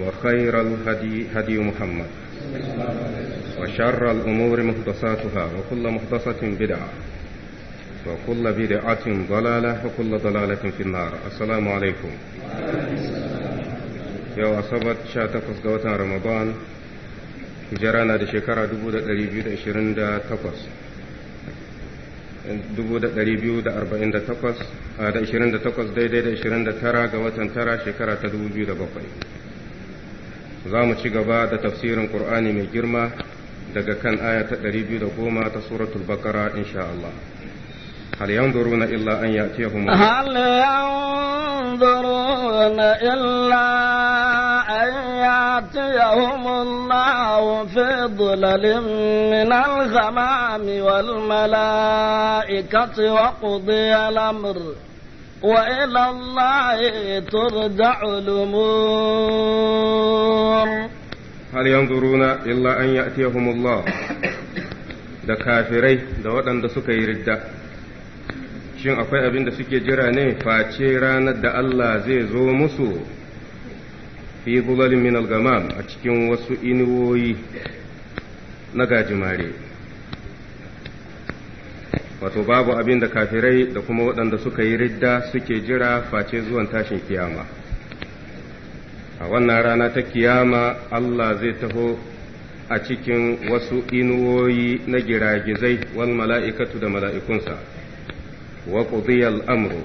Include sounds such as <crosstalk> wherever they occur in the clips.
وخير الهدي هدي محمد وشر الأمور محدثاتها وكل محدثة بدعة وكل بدعة ضلالة وكل ضلالة في النار السلام عليكم يا أصابت شاتا قصدوتا رمضان جرانا دي شكرا دبو دا دريبيو دا إشرين دا تقص دبو دا دريبيو دا أربعين دا تقص هذا آه، إشرين دا تقص دي دا إشرين دا ترى قواتا ترى شكرا تدبو بيو دا بقين za mu ci gaba da tafsirin ƙur'ani mai girma daga kan aya ta 210 ta suratul bakara insha Allah hal yanzuruna illa an ya'tiyahum hal yanzuruna illa an ya'tiyahum Allah fi dhulalin min al wal mala'ikati wa qudiya al وإلى الله ترجع الأمور هل ينظرون إلا أن يأتيهم الله da kafirai da waɗanda suka yi ridda shin akwai abin da suke jira ne face ranar da Allah zai zo musu fi zulalin min al a cikin wasu inuwoyi na gajimare wato babu abin da kafirai da kuma waɗanda suka yi ridda suke jira face zuwan tashin kiyama a wannan rana ta kiyama Allah zai taho a cikin wasu inuwoyi na giragizai wal mala'ikatu da mala'ikunsa wa ƙudiyar amru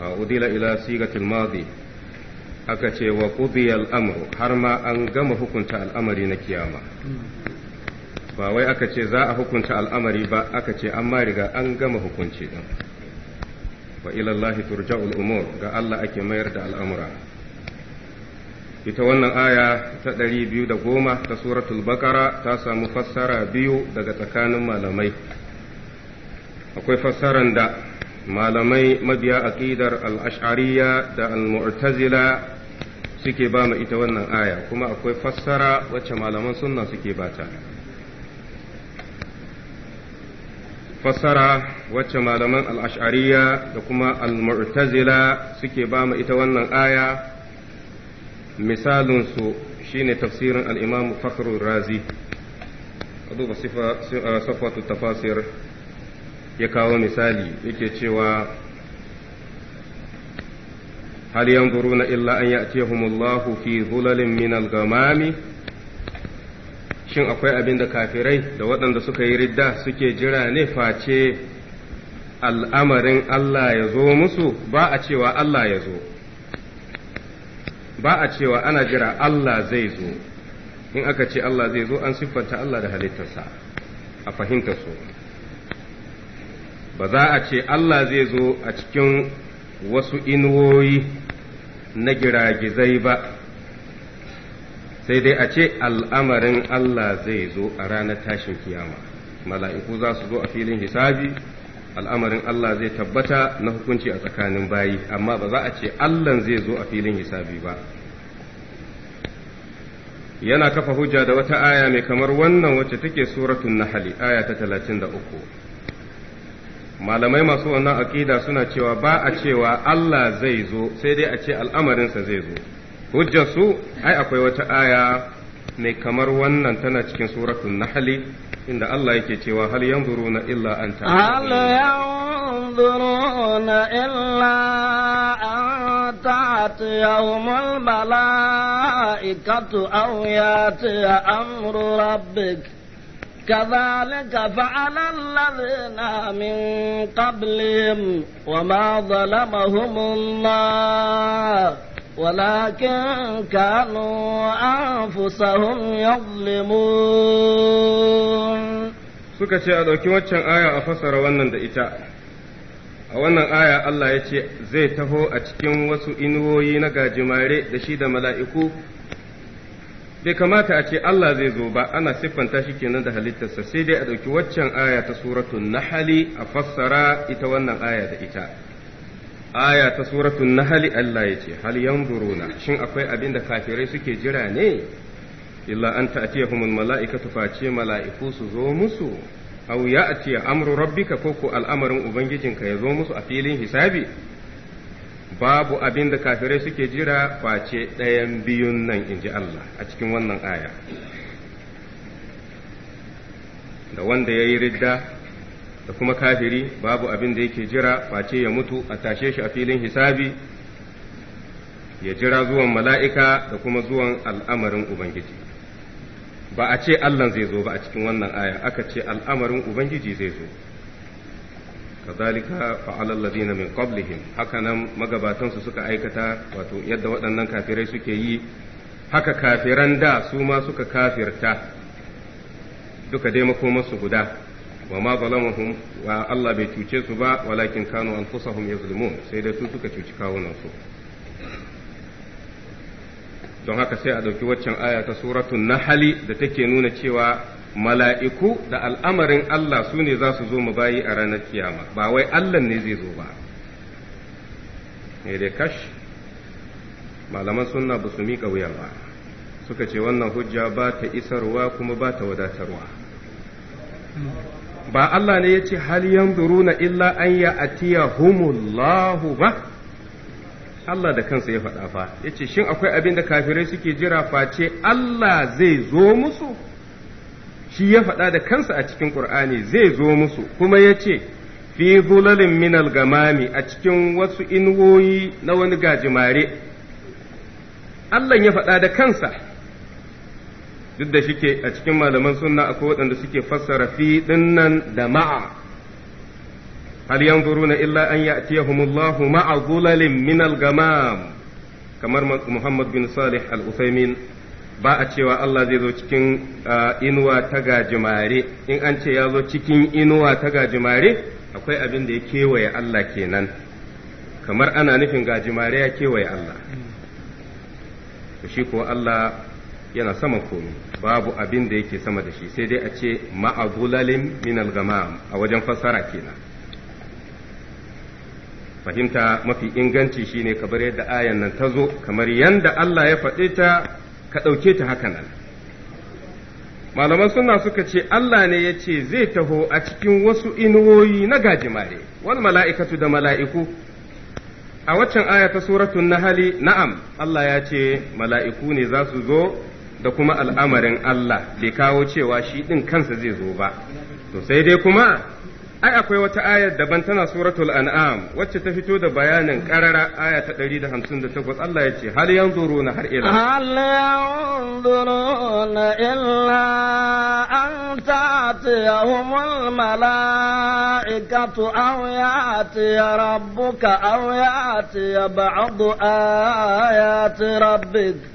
a udila ila sigatil madi aka ce wa ƙudiyar amru har ma an gama hukunta al'amari na kiyama ba wai aka ce za a hukunta al'amari ba aka ce an ma riga an gama hukunci din wa ilallahi turja'ul umur ga Allah ake mayar da al'amura ita wannan aya ta ɗari biyu da goma ta suratul bakara ta samu fassara biyu daga tsakanin malamai akwai fassaran da malamai mabiya aƙidar al'ashariya da al-mu'tazila suke ba ita wannan aya kuma akwai fassara wacce malaman sunna suke bata fassara wacce malaman al'ashariya da kuma al suke ba mu ita wannan aya misalinsu shine tafsirin al'imamu fakhrul razi duba safatu ah, tafasir ya kawo misali yake cewa hal yanzuruna illa an ya'tiyahumullahu fi zulalin min al gamami shin akwai abin da kafirai da waɗanda suka yi ridda suke jira ne face al'amarin Allah ya zo musu ba a cewa Allah ya zo ba a cewa ana jira Allah zai zo in aka ce Allah zai zo an siffanta Allah da halittarsa a fahimta su ba za a ce Allah zai zo a cikin wasu inuwoyi na giragizai ba sai dai a ce al'amarin Allah zai zo a ranar tashin kiyama mala'iku za su zo a filin hisabi al'amarin Allah zai tabbata na hukunci a tsakanin bayi amma ba za a ce Allah zai zo a filin hisabi ba yana kafa hujja da wata aya mai kamar wannan wacce take suratun na hali aya ta talatin da uku malamai masu wannan aƙida suna cewa ba a cewa Allah zai zo sai dai a ce al'amarinsa zai zo hujjarsu ai akwai wata aya mai kamar wannan tana cikin suratul nahli inda Allah yake cewa hal yanzuruna illa an ta'ala hal yanzuruna illa an ta'ati yawmul malaikatu aw yati amru rabbik كذلك فعل الذين من قبلهم وما ظلمهم الله ولكن كانوا أنفسهم يظلمون suka ce a ɗauki waccan aya a fassara wannan da ita a wannan aya Allah ya ce zai taho a cikin wasu inuwoyi na gajimare da shi da mala'iku bai kamata a ce Allah zai zo ba ana siffanta shi kenan da halittarsa sai dai a ɗauki waccan aya ta suratun nahali a fassara ita wannan aya da ita aya ta suratul nahl Allah ya ce hal yanzuruna shin akwai abin da kafirai suke jira ne illa an mala'ika mala'ikatu face mala'iku su zo musu aw ya'ti amru rabbika ko ko al'amarin ubangijinka ya zo musu a filin hisabi babu abin da kafirai suke jira face ɗayan biyun nan in ji Allah a cikin wannan aya da wanda ya yi ridda da kuma kafiri babu abin da yake jira face ya mutu a tashe shi a filin hisabi ya jira zuwan mala'ika da kuma zuwan al'amarin Ubangiji. Ba a ce Allah zai zo ba a cikin wannan aya aka ce al'amarin Ubangiji zai zo. kazalika fa'alal ladina min qablihim hakanan magabatansu suka aikata wato yadda waɗannan kafirai suke yi haka kafiran da su ma suka kafirta duka dai makomarsu guda wa ma zalamahum wa Allah bai cuce su ba walakin kanu anfusahum yazlimun sai dai su suka cuci kawunan su don haka sai a ɗauki waccan aya ta suratun nahali da take nuna cewa mala'iku da al'amarin Allah su ne za su zo mu bayi a ranar kiyama ba wai Allah ne zai zo ba dai kash malaman sunna ba su miƙa wuya ba suka ce wannan hujja ba ta isarwa kuma ba ta wadatarwa ba Allah ne ya ce hal yanzuruna illa an ya humullahu ba Allah da kansa ya faɗa fa ya ce shin akwai abin da kafirai suke jira face Allah zai zo musu shi ya faɗa da kansa a cikin ƙur'ani zai zo musu kuma ya ce fi zulalin minal gamami a cikin wasu inuwoyi na wani gajimare Allah ya faɗa da kansa duk da shike a cikin malaman sunna akwai waɗanda suke fassara fi dinnan da ma'a hal yanzuruna illa an ya'tiyahumullahu ma'a zulalin min al-gamam kamar Muhammad bin Salih al-Uthaymin ba a cewa Allah zai zo cikin inuwa ta gajimare in an ce ya zo cikin inuwa ta gajimare akwai abin da ya kewaye Allah kenan kamar ana nufin gajimare ya kewaye Allah shi ko Allah yana sama komi babu abin da yake sama da shi sai dai a ce ma'azulalin minal gamam a wajen fassara kenan fahimta mafi inganci shine kamar yadda ayan nan ta zo kamar yadda Allah ya faɗe ta ka ɗauke ta haka nan malaman suna suka ce Allah ne ya ce zai taho a cikin wasu inuwoyi na gajimare wal mala'ikatu da mala'iku a waccan aya ta suratun nahali na'am Allah ya ce mala'iku ne za su zo da kuma al'amarin Allah bai kawo cewa shi ɗin kansa zai zo ba. To sai dai kuma, ai akwai wata ayar daban tana suratul an'am wacce ta fito da bayanin karara aya ta 158 Allah ya ce hal yanzuruna har ila hal yanzuruna illa an ta'tiyahumul malaikatu aw ya'ti rabbuka aw ya'ti ba'd ayati rabbika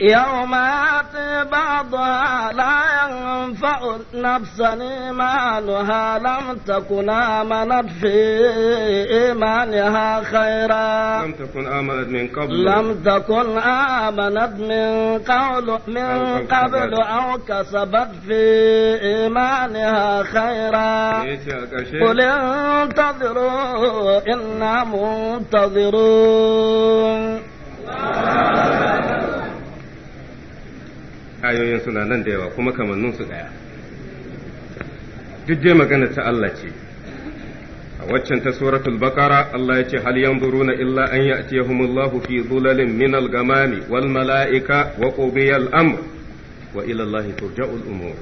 يوم يأتي بعضها لا ينفع نفسا إيمانها لم تكن آمنت في إيمانها خيرا لم تكن آمنت من قبل لم تكن آمنت من قبل من قبل أو كسبت في إيمانها خيرا قل انتظروا إنا منتظرون ayoyin suna nan da yawa kuma kamannin su ɗaya duk dai magana ta Allah ce a waccan ta suratul baqara Allah ya ce hal yanzuruna illa an ya'tiyahumullahu fi dhulalin min al-ghamami wal mala'ika wa qubiya al-amr wa ila Allah turja'ul umur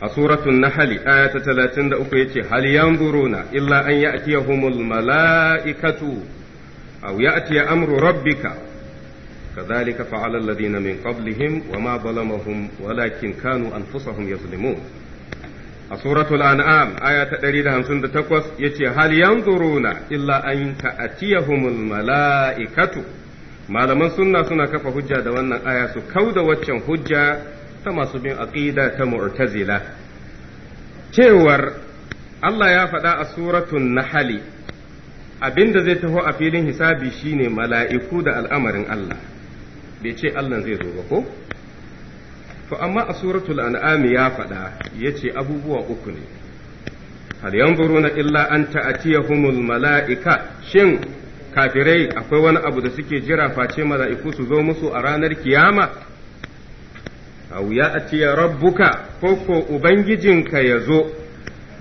a suratul nahl aya ta 33 yace hal yanzuruna illa an ya'tiyahumul mala'ikatu aw ya'tiya amru rabbika كذلك فعل الذين من قبلهم وما ظلمهم ولكن كانوا أنفسهم يظلمون سورة الأنعام آية تريد همسن تقوس يتي هل ينظرون إلا أن تأتيهم الملائكة malaman sunna suna kafa hujja da wannan aya su kauda waccan hujja ta masu bin aƙida ta mu'tazila cewar Allah ya faɗa a suratun nahali abinda zai taho a filin hisabi shine mala'iku da al'amarin Allah bai ce Allah zai zo ba ko to amma a suratul an'am ya faɗa yace abubuwa uku ne hal yanzuruna illa an ta'tiyahumul mala'ika shin kafirai akwai wani abu da suke jira face mala'iku su zo musu a ranar kiyama aw ya atiya rabbuka ko ko ubangijinka ya zo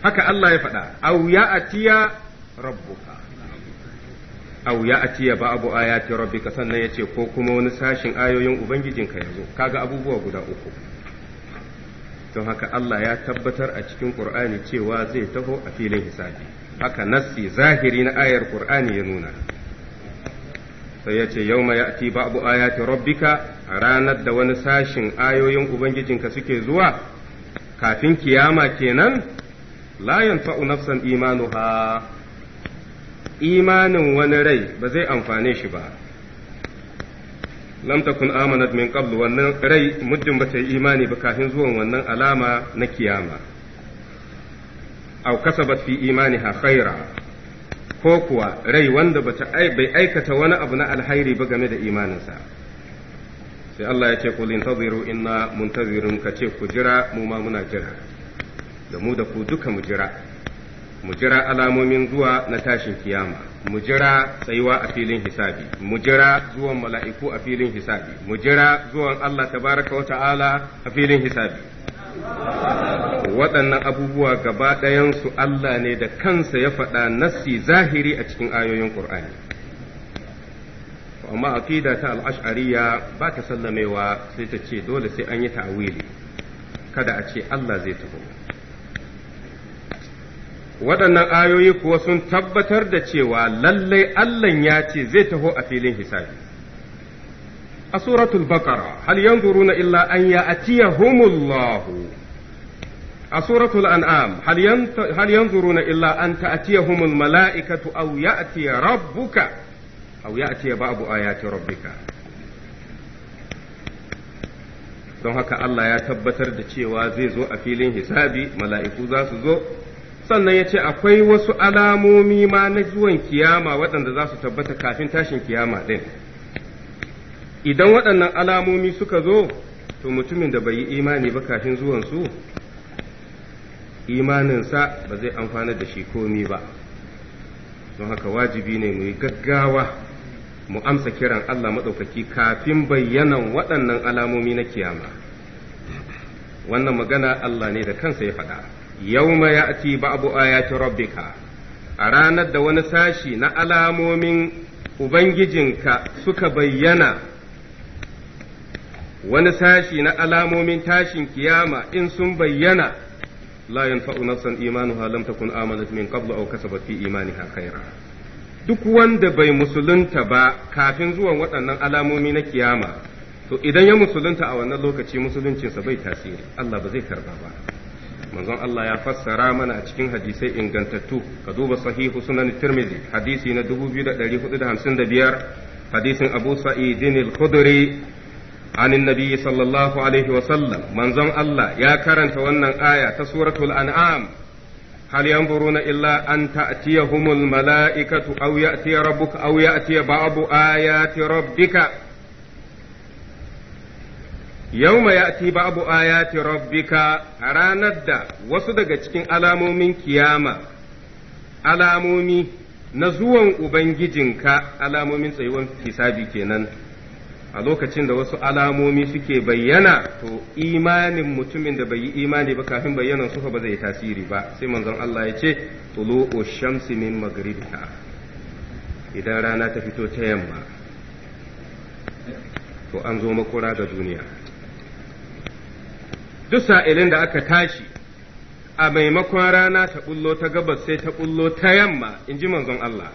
haka Allah ya faɗa aw ya atiya rabbuka aw ya atiya ba'du ayati rabbika sannan yace ko kuma wani sashin ayoyin ubangijinka yazo kaga abubuwa guda uku don haka Allah ya tabbatar a cikin Qur'ani cewa zai taho a filin hisabi haka nassi zahiri na ayar Qur'ani ya nuna sai ya ce yau ya ati babu ayati rabbika a ranar da wani sashin ayoyin ubangijinka suke zuwa kafin kiyama kenan la yanfa'u nafsan imanuha imanin wani rai ba zai amfane shi ba lam takun amanat min qabl wannan rai muddin ba ta yi imani ba kafin zuwan wannan alama na kiyama aw kasabat fi imaniha khaira ko kuwa rai wanda bata bai aikata wani abu na alhairi ba game da imaninsa sai Allah ya ce qul intaziru inna muntazirun kace ku jira mu ma muna jira da mu da ku duka mu jira mu jira alamomin zuwa na tashin kiyama mu jira tsayuwa a filin hisabi mu jira zuwan mala'iku a filin hisabi mu jira zuwan Allah tabaraka wa ta'ala a filin hisabi waɗannan abubuwa gaba su Allah ne da kansa ya faɗa nassi zahiri a cikin ayoyin Qur'ani amma aqida ta al-ash'ariyya ba ta sallamewa sai ta ce dole sai an yi ta'wili kada a ce Allah zai tafi waɗannan ayoyi kuwa sun tabbatar da cewa lallai Allah ya ce zai taho a filin hisabi a suratul baqara hal na illa an ya ya'tiyahumullahu a suratul an'am hal na illa an ta ta'tiyahumul mala'ikatu ya ya'ti rabbuka aw ya'ti ba'du ayati rabbika don haka Allah ya tabbatar da cewa zai zo a filin hisabi mala'iku za su zo sannan ya ce akwai wasu alamomi ma na zuwan kiyama waɗanda za su tabbata kafin tashin kiyama ɗin idan waɗannan alamomi suka zo to mutumin da bai yi imani ba kafin zuwansu imaninsa ba zai amfana da shi komi ba don haka wajibi ne mu yi gaggawa mu amsa kiran Allah maɗaukaki kafin bayyanan waɗannan alamomi na kiyama wannan magana Allah ne da kansa ya faɗa. yawma ya'ti babu ayati rabbika a ranar da wani sashi na alamomin ubangijinka suka bayyana wani sashi na alamomin tashin kiyama in sun bayyana la yanfa'u nafsan imanuha lam takun amanat min qablu aw kasabat fi imaniha khaira duk wanda bai musulunta ba kafin zuwan waɗannan alamomi na kiyama to idan ya musulunta a wannan lokaci musuluncinsa bai tasiri Allah ba zai karba ba manzon Allah ya fassara mana a cikin hadisai ingantattu ka duba sahihu sunan tirmidhi hadisi na 2455 hadisin abu sa'idin al-khudri عن النبي صلى الله عليه وسلم من زن الله يا كرنت ونن آية سورة الأنعام هل ينظرون إلا أن تأتيهم الملائكة أو يأتي ربك أو يأتي بعض آيات ربك Yauma ya ci babu ayati rabbika a ranar da wasu daga cikin alamomin kiyama, alamomi na zuwan Ubangijinka alamomin tsayuwan hisabi kenan. A lokacin da wasu alamomi suke bayyana to imanin mutumin da bai yi imani ba kafin bayyanan suka ba zai tasiri ba sai manzon Allah ya ce tulu'u shamsi min maghribiha idan rana ta fito ta yamma to an zo makura ga duniya duk sa'ilin da aka tashi a maimakon rana ta bullo ta gabas sai ta bullo ta yamma in ji manzon Allah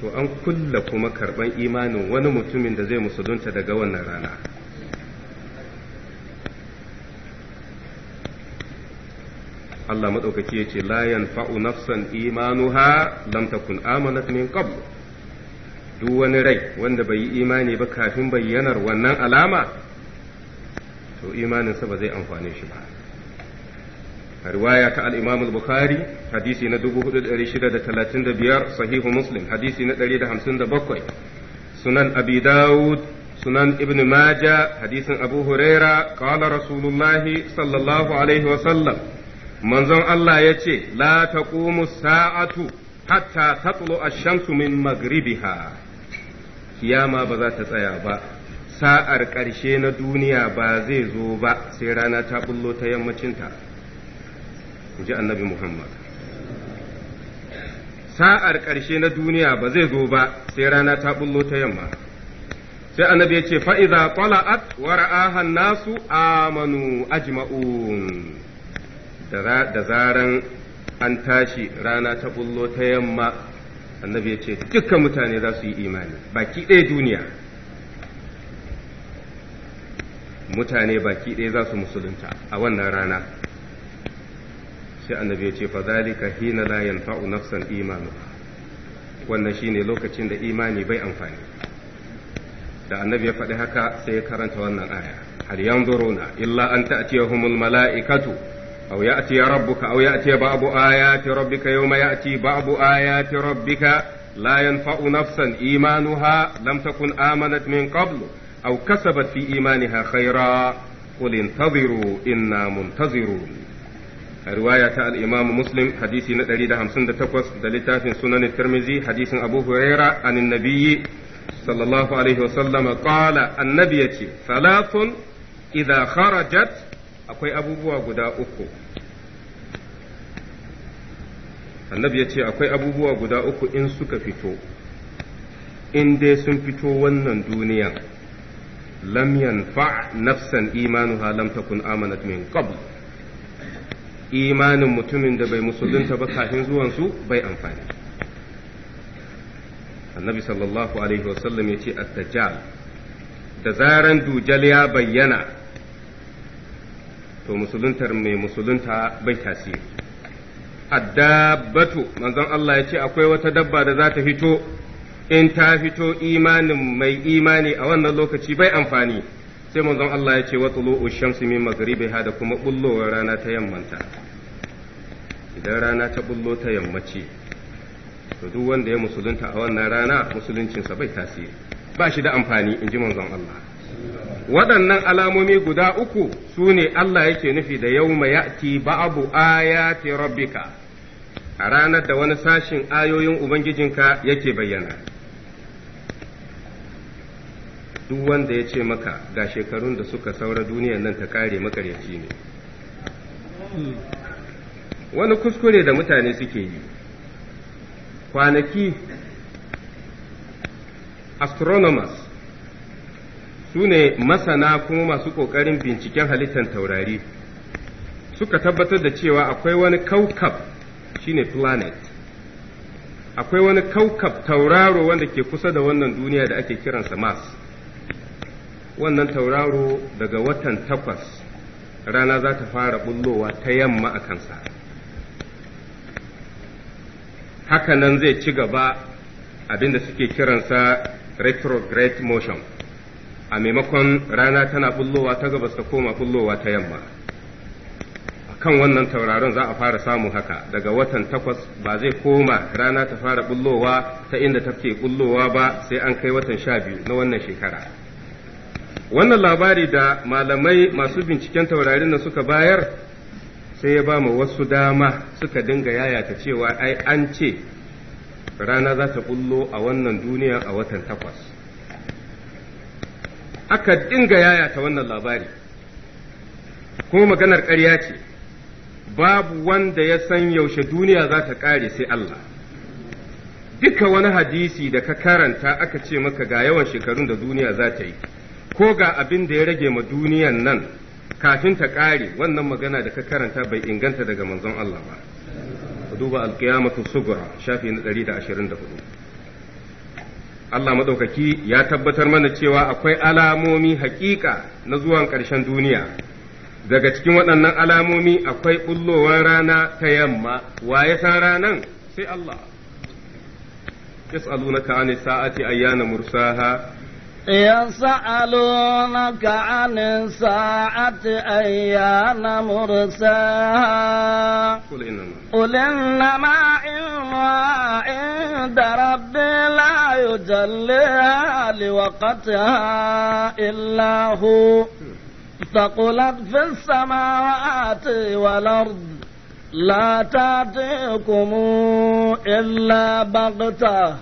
to an kulla kuma karban imanin wani mutumin da zai musulunta daga wannan rana Allah maɗaukaki yace ce layan fa'u nafsan imanuha lam takun amanat min qablu duk wani rai wanda bai yi imani ba kafin bayyanar wannan alama to imaninsa ba zai amfane shi ba riwaya ta al-Imam al-Bukhari hadisi na 4635 sahihu Muslim hadisi na 157 sunan Abi Dawud sunan Ibn Majah hadisin Abu Huraira qala Rasulullahi sallallahu alaihi wa sallam manzon Allah ya ce la taqumu sa'atu hatta tatlu ash-shamsu min maghribiha kiyama ba za ta tsaya ba sa'ar ƙarshe na duniya ba zai zo ba sai rana ta bullo ta yammacinta ji annabi Muhammad sa'ar ƙarshe na duniya ba zai zo ba sai rana ta bullo ta yamma sai annabi ya ce fa'iza ƙwala'at wa ra'ahan nasu amanu ajma'un da zaran an tashi rana ta bullo ta yamma annabi ya ce dukkan mutane za su yi imani baki ɗaya duniya mutane baki ɗaya za su musulunta a wannan rana sai annabi ya ce fa zalika hina la yanfa'u nafsan imanu wannan shine lokacin da imani bai amfani da annabi ya faɗi haka sai ya karanta wannan aya hal yanzuruna illa an ta'tiyahumul mala'ikatu aw ya'ti rabbuka aw ya'ti ba'du ayati rabbika yawma ya'ti ba'du ayati rabbika la yanfa'u nafsan imanuha lam takun amanat min qablu aw kasabat imani imaniha khaira qul intaziru inna muntazirun riwaya ta al-imam muslim hadisi na 158 da littafin sunan tirmizi hadisin abu huraira anin nabiyyi sallallahu alaihi wasallama qala annabi yace salatun idza kharajat akwai abubuwa guda uku annabi ya ce akwai abubuwa guda uku in suka fito in dai sun fito wannan duniya lam yanfa nafsan imanuha lam takun amanat min qabl imanin mutumin da bai musulunta ba kafin zuwan su bai amfani annabi sallallahu alaihi wasallam yace at-dajjal da zaran dujal ya bayyana to musuluntar mai musulunta bai tasiri addabatu manzon Allah yace akwai wata dabba da za ta fito in ta fito imanin mai imani a wannan lokaci bai amfani sai manzon Allah ya ce watulu shamsu min magribi da kuma bullowar rana ta yammanta idan rana ta bullo ta yammaci to duk wanda ya musulunta a wannan rana musuluncinsa bai tasiri ba shi da amfani in ji manzon Allah waɗannan alamomi guda uku su ne Allah yake nufi da yau ya'ti ba'abu ayati rabbika a ranar da wani sashin ayoyin Ubangijinka yake bayyana. duk wanda ya ce maka ga shekarun da suka saura duniyar nan ta kare makaryaci ne wani kuskure da mutane suke yi kwanaki astronomers su ne masana kuma masu ƙoƙarin binciken halittar taurari suka tabbatar da cewa akwai wani kaukab shine planet akwai wani kaukab tauraro wanda ke kusa da wannan duniya da ake kiransa mars wannan tauraro daga watan takwas rana za ta fara bullowa ta yamma a kansa hakanan zai ci gaba abinda suke kiransa retrograde motion a maimakon rana tana bullowa ta gabas ta koma bullowa ta yamma kan wannan tauraron za a fara samu haka daga watan takwas ba zai koma rana ta fara bullowa ta inda take bullowa ba sai an kai watan sha biyu na wannan shekara wannan labari da malamai masu binciken taurarin da suka bayar sai ya ba mu wasu dama suka dinga yaya ta cewa ai an ce rana za ta bullo a wannan duniya a watan takwas aka dinga yaya ta wannan labari kuma maganar ƙarya ce babu wanda ya san yaushe duniya za ta ƙare sai Allah duka wani hadisi da ka karanta aka ce maka ga yawan shekarun da duniya za ta yi ko ga abin da ya rage ma duniyan nan kafin ta ƙare wannan magana da ka karanta bai inganta daga manzon Allah ba duba alkiyamatu sugura shafi na 124 Allah madaukaki ya tabbatar mana cewa akwai alamomi haƙiƙa na zuwan ƙarshen duniya daga cikin waɗannan alamomi akwai bullowar rana ta yamma wa ya san ranan sai Allah yas'alunaka 'ani sa'ati ayyana mursaha يسألونك عن الساعة أيان مرساها قل إنما إنما عند ربي لا يجليها لوقتها إلا هو ثقلت في السماوات والأرض لا تأتيكم إلا بغته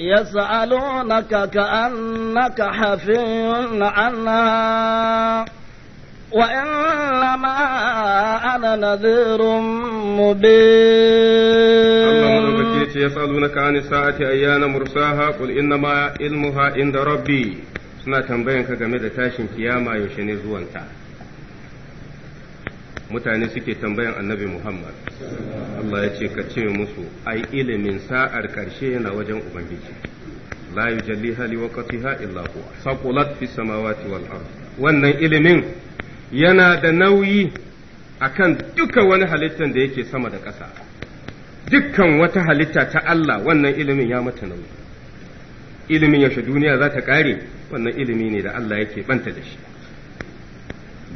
يسألونك كأنك حفي عنها وإنما أنا نذير مبين يسألونك عن الساعة أيان مرساها قل إنما علمها عند ربي suna tambayan ka game da tashin kiyama yaushe ne zuwanta mutane suke tambayan annabi Muhammad Allah ya ce ka ce musu ai ilimin sa'ar ƙarshe yana wajen ubangiji la yujalliha liwaqtiha illa huwa saqulat fis samawati wal ard wannan ilimin yana da nauyi akan duka wani halittar da yake sama da ƙasa dukkan wata halitta ta Allah wannan ilimin ya mata nauyi ilimin yaushe duniya za ta ƙare wannan ilimi ne da Allah yake banta da shi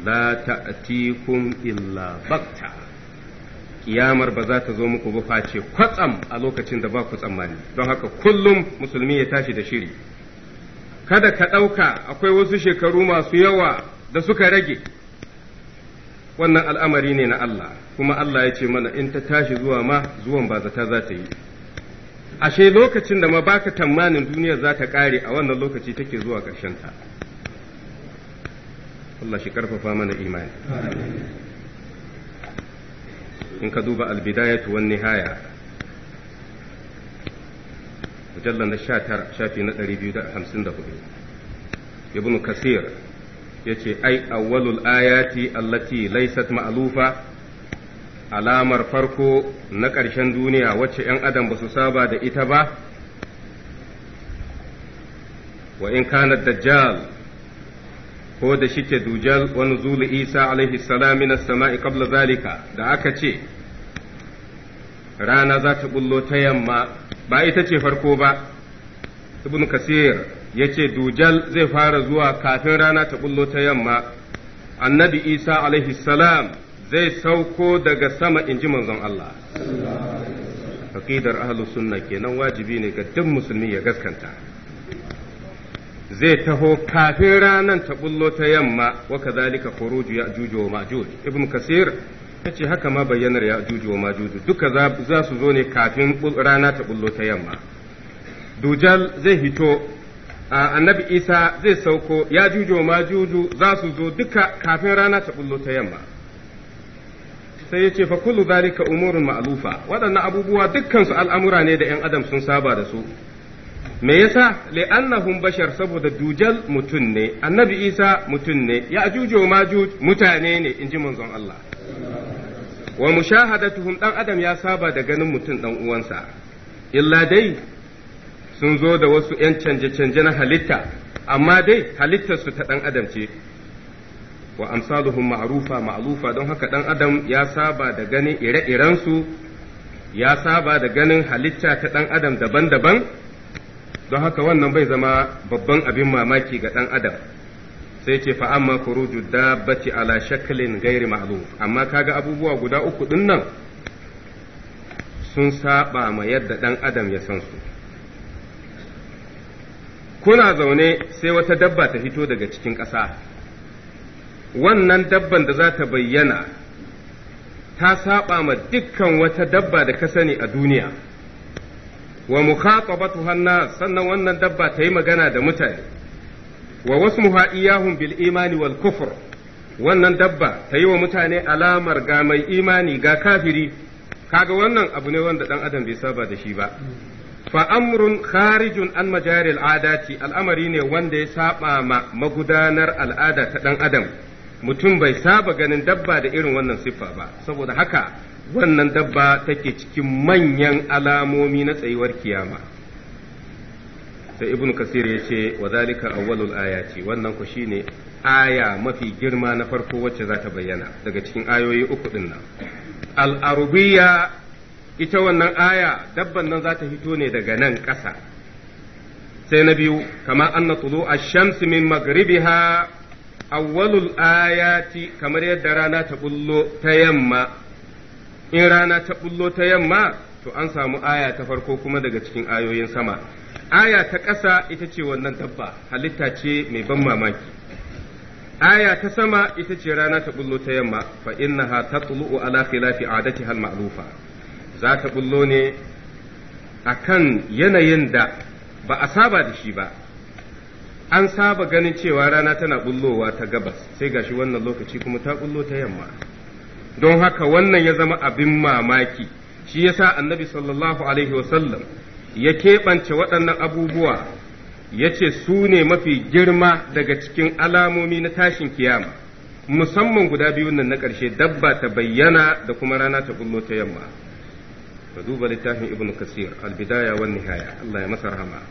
لا تأتيكم illa bakta kiyamar ba za ta zo muku ba face kwatsam a lokacin da ba ku tsammani don haka kullum musulmi ya tashi da shiri kada ka ɗauka akwai wasu shekaru masu yawa da suka rage wannan al'amari ne na Allah kuma Allah ya ce mana in ta tashi zuwa ma zuwan ba zata za ta yi ashe lokacin da ma baka tamanin duniyar za ta ƙare a wannan lokaci take zuwa ƙarshenta. ta Allah shi karfafa mana imani in ka duba albidayatu wan nihaya mujalla na 19 shafi na 254 ibnu kasir yace ai awwalul ayati allati laysat ma'lufa alamar farko na ƙarshen duniya wacce 'yan adam ba su saba da ita ba wa in kana dajjal ko da shike dujal wa nuzul isa alaihi salam min samai qabla zalika da aka ce rana za ta bullo ta yamma ba ita ce farko ba ibn kasir ya ce dujal zai fara zuwa kafin rana ta bullo ta yamma annabi isa alaihi salam zai sauko daga sama inji manzon Allah aqidar ahlus sunna kenan wajibi ne ga duk musulmi ya gaskanta zai taho kafin ranar ta bullo ta yamma wa kadhalika khuruju ya'juj wa ma'juj ibn kasir yace haka ma bayyanar ya'juj wa ma'juj duka za su zo ne kafin rana ta bullo ta yamma dujal zai Hito annabi isa zai sauko ya'juj wa ma'juj za su zo duka kafin rana ta bullo ta yamma sai yace fa kullu zalika umurun ma'lufa waɗannan abubuwa dukkan su al'amura ne da 'yan adam sun saba da su me yasa li'annahum bashar saboda dujal mutum ne annabi isa mutum ne ya ajujo majuj mutane ne in ji manzon Allah wa mushahadatuhum dan adam ya saba da ganin mutum dan uwansa illa dai sun zo da wasu yan canje canje na halitta amma dai halittar su ta dan adam ce wa amsaluhum ma'rufa ma'lufa don haka dan adam ya saba da ganin ire su, ya saba da ganin halitta ta dan adam daban-daban don haka wannan bai zama babban abin mamaki ga ɗan adam sai ce fa amma khuruju dabbati ala shaklin gairi ma'luf amma kaga abubuwa guda uku din nan sun saba ma yadda ɗan adam ya san su kuna zaune sai wata dabba ta fito daga cikin ƙasa wannan dabban da za ta bayyana ta saba ma dukkan wata dabba da ka sani a duniya wa mukhatabatu hanna sannan wannan dabba ta yi magana da mutane wa wasmuha iyahum bil imani wal kufr wannan dabba ta yi wa mutane alamar ga mai imani ga kafiri kaga wannan abu ne wanda dan adam bai saba da shi ba fa amrun kharijun an al adati al'amari ne wanda ya saba ma magudanar al'ada ta dan adam mutum bai saba ganin dabba da irin wannan siffa ba saboda haka wannan dabba take cikin manyan alamomi na tsayuwar kiyama sai ibn kasir ya ce wa zalika awwalul ayati wannan ku shine aya mafi girma na farko wacce za ta bayyana daga cikin ayoyi uku din nan arubiya ita wannan aya dabban nan za ta fito ne daga nan ƙasa sai na biyu kama anna tulu ash-shams min maghribiha awwalul ayati kamar yadda rana ta bullo ta yamma in rana ta bullo ta yamma to an samu aya ta farko kuma daga cikin ayoyin sama aya ta ƙasa ita ce wannan dabba halitta ce mai ban mamaki aya ta sama ita ce rana ta bullo ta yamma fa innaha tatlu'u ala khilafi adatiha al-ma'rufa za ta bullo ne akan yanayin da ba a saba da shi ba an saba ganin cewa rana tana bullowa ta gabas sai gashi wannan lokaci kuma ta bullo ta yamma don haka wannan ya zama abin mamaki shi yasa annabi sallallahu alaihi wasallam ya keɓance waɗannan abubuwa ya ce su ne mafi girma daga cikin alamomi na tashin kiyama musamman guda biyu nan na ƙarshe dabba ta bayyana da kuma rana ta bullo ta yamma ka duba littafin ibnu kasir albidaya wan nihaya Allah ya masa rahama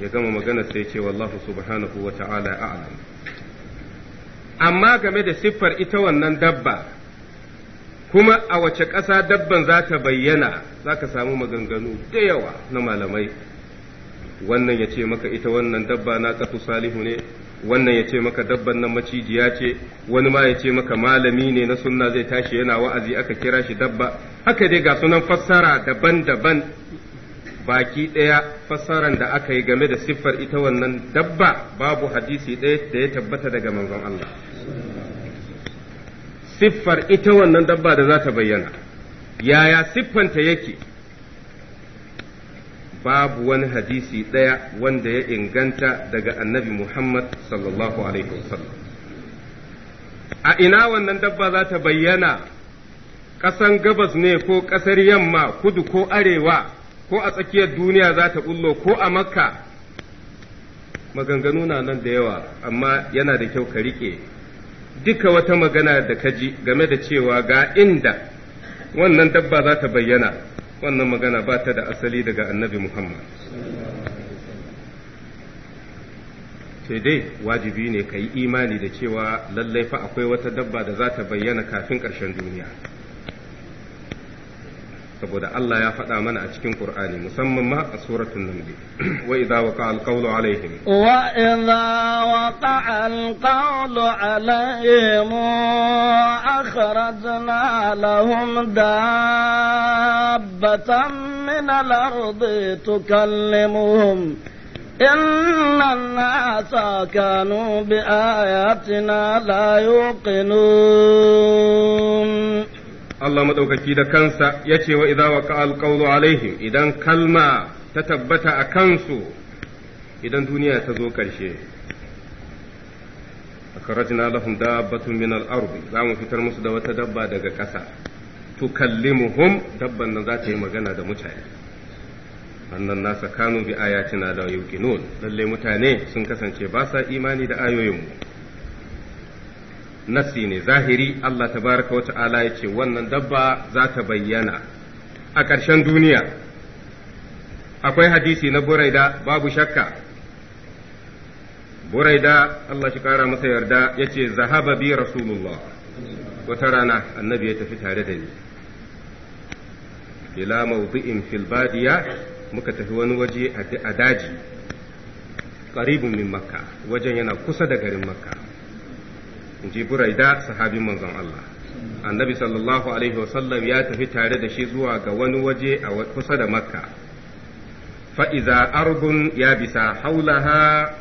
ya gama magana sai ce wallahu subhanahu wa ta'ala a'lam amma game da siffar ita wannan dabba kuma a wace ƙasa dabban za ta bayyana za ka samu maganganu da yawa na malamai wannan ya ce maka ita wannan dabba na ƙafu salihu ne wannan ya ce maka dabban nan macijiya ce wani ma ya ce maka malami ne na sunna zai tashi yana wa'azi aka kira shi dabba haka dai ga sunan fassara daban-daban baki ɗaya fassaran da aka yi game da siffar ita wannan dabba babu hadisi ɗaya da ya tabbata daga manzon Allah siffar ita wannan dabba da za ta bayyana yaya siffanta yake babu wani hadisi ɗaya wanda ya inganta daga annabi Muhammad sallallahu alaihi wasallam a ina wannan dabba za ta bayyana ƙasan gabas ne ko ƙasar yamma kudu ko arewa ko a tsakiyar duniya za ta bullo ko a makka maganganu na nan da yawa amma yana da kyau ka riƙe duka wata magana da ka ji game da cewa ga inda wannan dabba za ta bayyana wannan magana ba ta da asali daga annabi Muhammad. sai dai wajibi ne ka yi imani da cewa lallai fa akwai wata dabba da za ta bayyana kafin ƙarshen duniya. saboda Allah ya faɗa mana a cikin Qur'ani musamman ma a suratul Naml wa idza waqa al-qawlu alaihim wa idza waqa al-qawlu alaihim akhrajna lahum dabbatan min al-ardi tukallimuhum إن الناس كانوا بآياتنا لا يوقنون Allah maɗaukaki da kansa ya ce wa idza waqa alqawlu alaihim idan kalma ta tabbata a kansu idan duniya ta zo ƙarshe akarajna lahum dabbatun min al za mu fitar musu da wata dabba daga ƙasa muhum dabban nan za ta yi magana da mutane annan nasa kanu bi ayatina la yuqinun lalle mutane sun kasance ba sa imani da ayoyinmu nasi ne zahiri Allah tabaraka wa ta'ala ya ce wannan dabba za ta bayyana a ƙarshen duniya akwai hadisi na buraida babu shakka buraida Allah shi kara masa yarda ya ce zahaba bi rasulullah wata rana annabi ya tafi tare da ni ila mawdi'in fil badiya muka tafi wani waje a daji qaribun min makka wajen yana kusa da garin makka in ji buraida sahabin manzon Allah annabi sallallahu alaihi wasallam ya tafi tare da shi zuwa ga wani waje a kusa da makka fa'iza argun ya bisa haulaha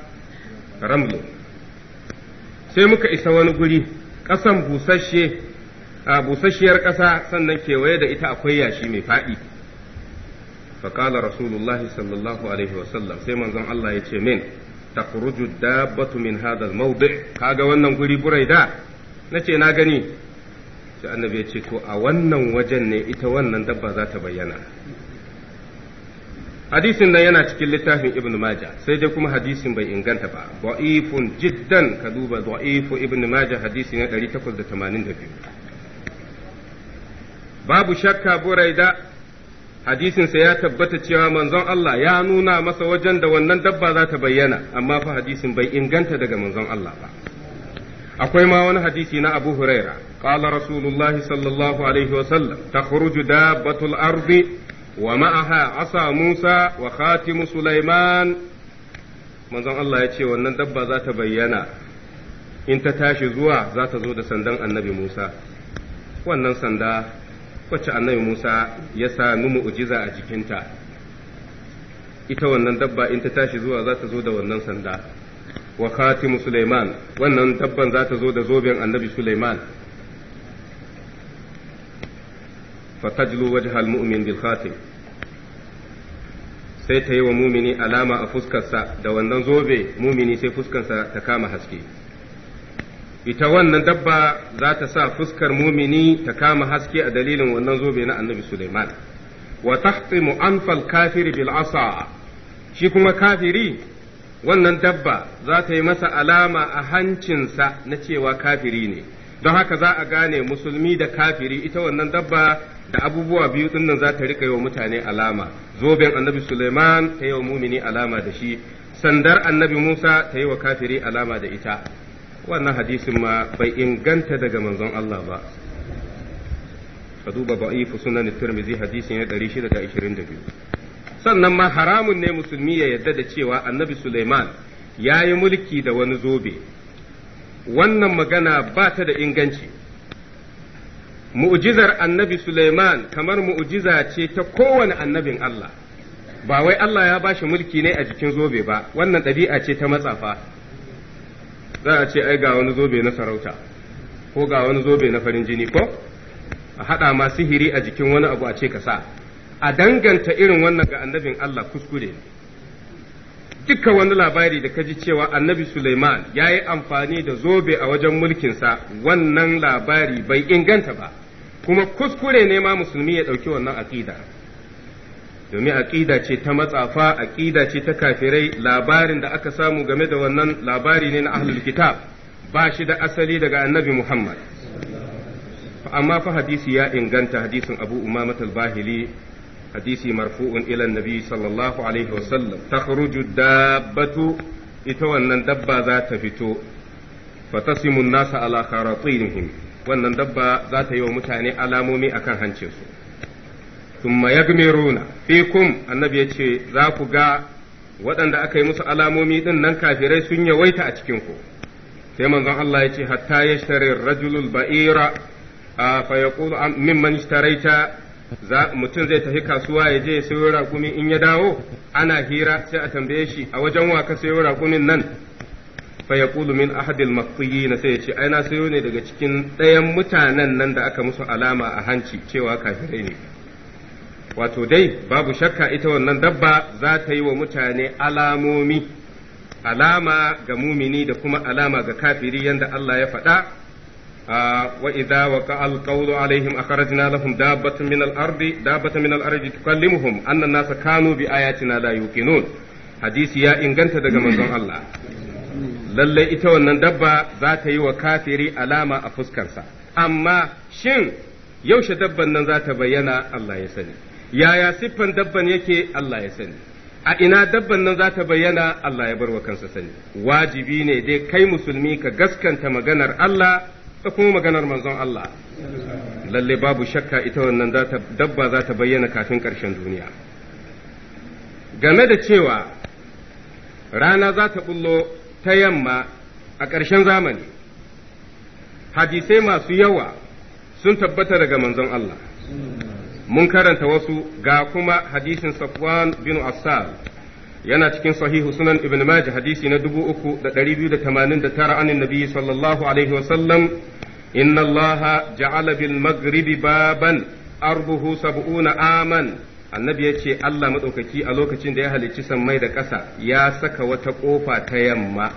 ramlu sai muka isa wani guri ƙasan busasshe a busasshiyar ƙasa sannan kewaye da ita akwai yashi mai faɗi faƙala rasulullahi sallallahu alaihi wasallam sai manzon Allah ya ce min تخرج الدابة من هذا الموضع كاغا wannan guri da nace na gani sai annabi ya ce to a wannan wajen ne ita wannan dabba za ta bayyana hadisin nan yana cikin littafin ibn majah sai dai kuma hadisin bai inganta ba da'ifun jiddan ka duba da'ifu ibn majah hadisi na 882 babu shakka buraida hadisinsa ya tabbata cewa manzon Allah ya nuna masa wajen da wannan dabba za ta bayyana amma fa hadisin bai inganta daga manzon Allah ba akwai ma wani hadisi na Abu Huraira qala Rasulullah sallallahu alaihi wa sallam takhruju dabbatul ardi wa ma'aha asa Musa wa khatimu Sulaiman manzon Allah ya ce wannan dabba za ta bayyana in ta tashi zuwa za ta zo da sandan annabi Musa wannan sanda wacce annabi Musa ya sa sami mu'jiza a jikinta ita wannan dabba in ta tashi zuwa za ta zo da wannan sanda wa khatimu Sulaiman wannan dabban za ta zo da zoben annabi Sulaiman tajlu wajhal mu'min bil khatim sai ta yi wa mumini alama a fuskarsa da wannan zobe mumini sai fuskarsa ta kama haske ita wannan dabba za ta sa fuskar mumini ta kama haske a dalilin wannan zobe na annabi Suleiman wa tahtimu anfal kafiri bil asa shi kuma kafiri wannan dabba za ta yi masa alama a hancinsa na cewa kafiri ne don haka za a gane musulmi da kafiri ita wannan dabba da abubuwa biyu din nan za ta rika yi wa mutane alama zoben annabi Suleiman ta yi wa mumini alama da shi sandar annabi Musa ta yi wa kafiri alama da ita wannan hadisin ma bai inganta daga manzon Allah ba ka duba ba'ifu sunan tirmizi hadisin ya 622 sannan ma haramun ne musulmi ya yadda da cewa annabi Suleiman ya yi mulki da wani zobe wannan magana ba ta da inganci mu'jizar annabi Sulaiman kamar mu'jiza ce ta kowane annabin Allah ba wai Allah ya ba shi mulki ne a jikin zobe ba wannan ɗabi'a ce ta matsafa za a ce ai ga wani zobe na sarauta ko ga wani zobe na farin jini ko a haɗa ma sihiri a jikin wani abu a ce ka sa a danganta irin wannan ga annabin Allah kuskure ne dukkan wani labari da ka ji cewa annabi Suleiman ya yi amfani da zobe a wajen mulkinsa wannan labari bai inganta ba kuma kuskure ne ma musulmi ya ɗauki wannan aƙida. domin aƙida ce ta matsafa aƙida ce ta kafirai labarin da aka samu game da wannan labari ne na ahlul kitab ba shi da asali daga annabi Muhammad amma fa hadisi ya inganta hadisin Abu Umama al-Bahili hadisi marfu'un ila annabi sallallahu alaihi sallam takhruju dabbatu ita wannan dabba za ta fito fatasimu nasa ala kharatinihim wannan dabba za ta yi wa mutane alamomi akan hancinsu thumma yagmiruna fikum annabi yace za ku ga waɗanda aka yi musu alamomi din nan kafirai sun yawaita a cikin ku sai manzon Allah yace hatta yashtari rajulul ba'ira fa yaqulu mimman ishtaraita za mutum zai tafi kasuwa ya je ya sayo raƙumi in ya dawo ana hira sai a tambaye shi a wajen wa ka sayo raƙumin nan fa yaqulu min ahadil maqtiyin sai yace ai na sayo ne daga cikin ɗayan mutanen nan da aka musu alama a hanci cewa kafirai ne wato dai babu shakka ita wannan dabba za ta yi wa mutane alamomi alama ga mumini da kuma alama ga kafiri yanda Allah ya faɗa wa idza waqa alqawlu alaihim akhrajna lahum dabbatan min al-ardi dabbatan min al-ardi tukallimuhum anna an-nasa kanu bi ayatina la yuqinun hadisi ya inganta daga manzon Allah lalle ita wannan dabba za ta yi wa kafiri alama a fuskarsa amma shin yaushe dabban nan za ta bayyana Allah ya sani yaya siffan dabban yake Allah ya sani a ina dabban nan za ta bayyana Allah ya bar wa kansa sani wajibi ne dai kai musulmi ka gaskanta maganar Allah da kuma maganar manzon Allah lalle babu shakka ita wannan dabba za ta bayyana kafin ƙarshen duniya game da cewa rana za ta bullo ta yamma a ƙarshen zamani hadisai masu yawa sun tabbata daga manzon Allah mun karanta wasu ga kuma hadisin Safwan bin asal yana cikin sahihu sunan Ibn Majah hadisi na 3289 anin Nabi sallallahu alaihi wa sallam inna Allaha ja'ala bil maghribi baban arbuhu sab'una aman annabi ya ce Allah madaukaki a lokacin da ya halicci sammai da ƙasa ya saka wata ƙofa ta yamma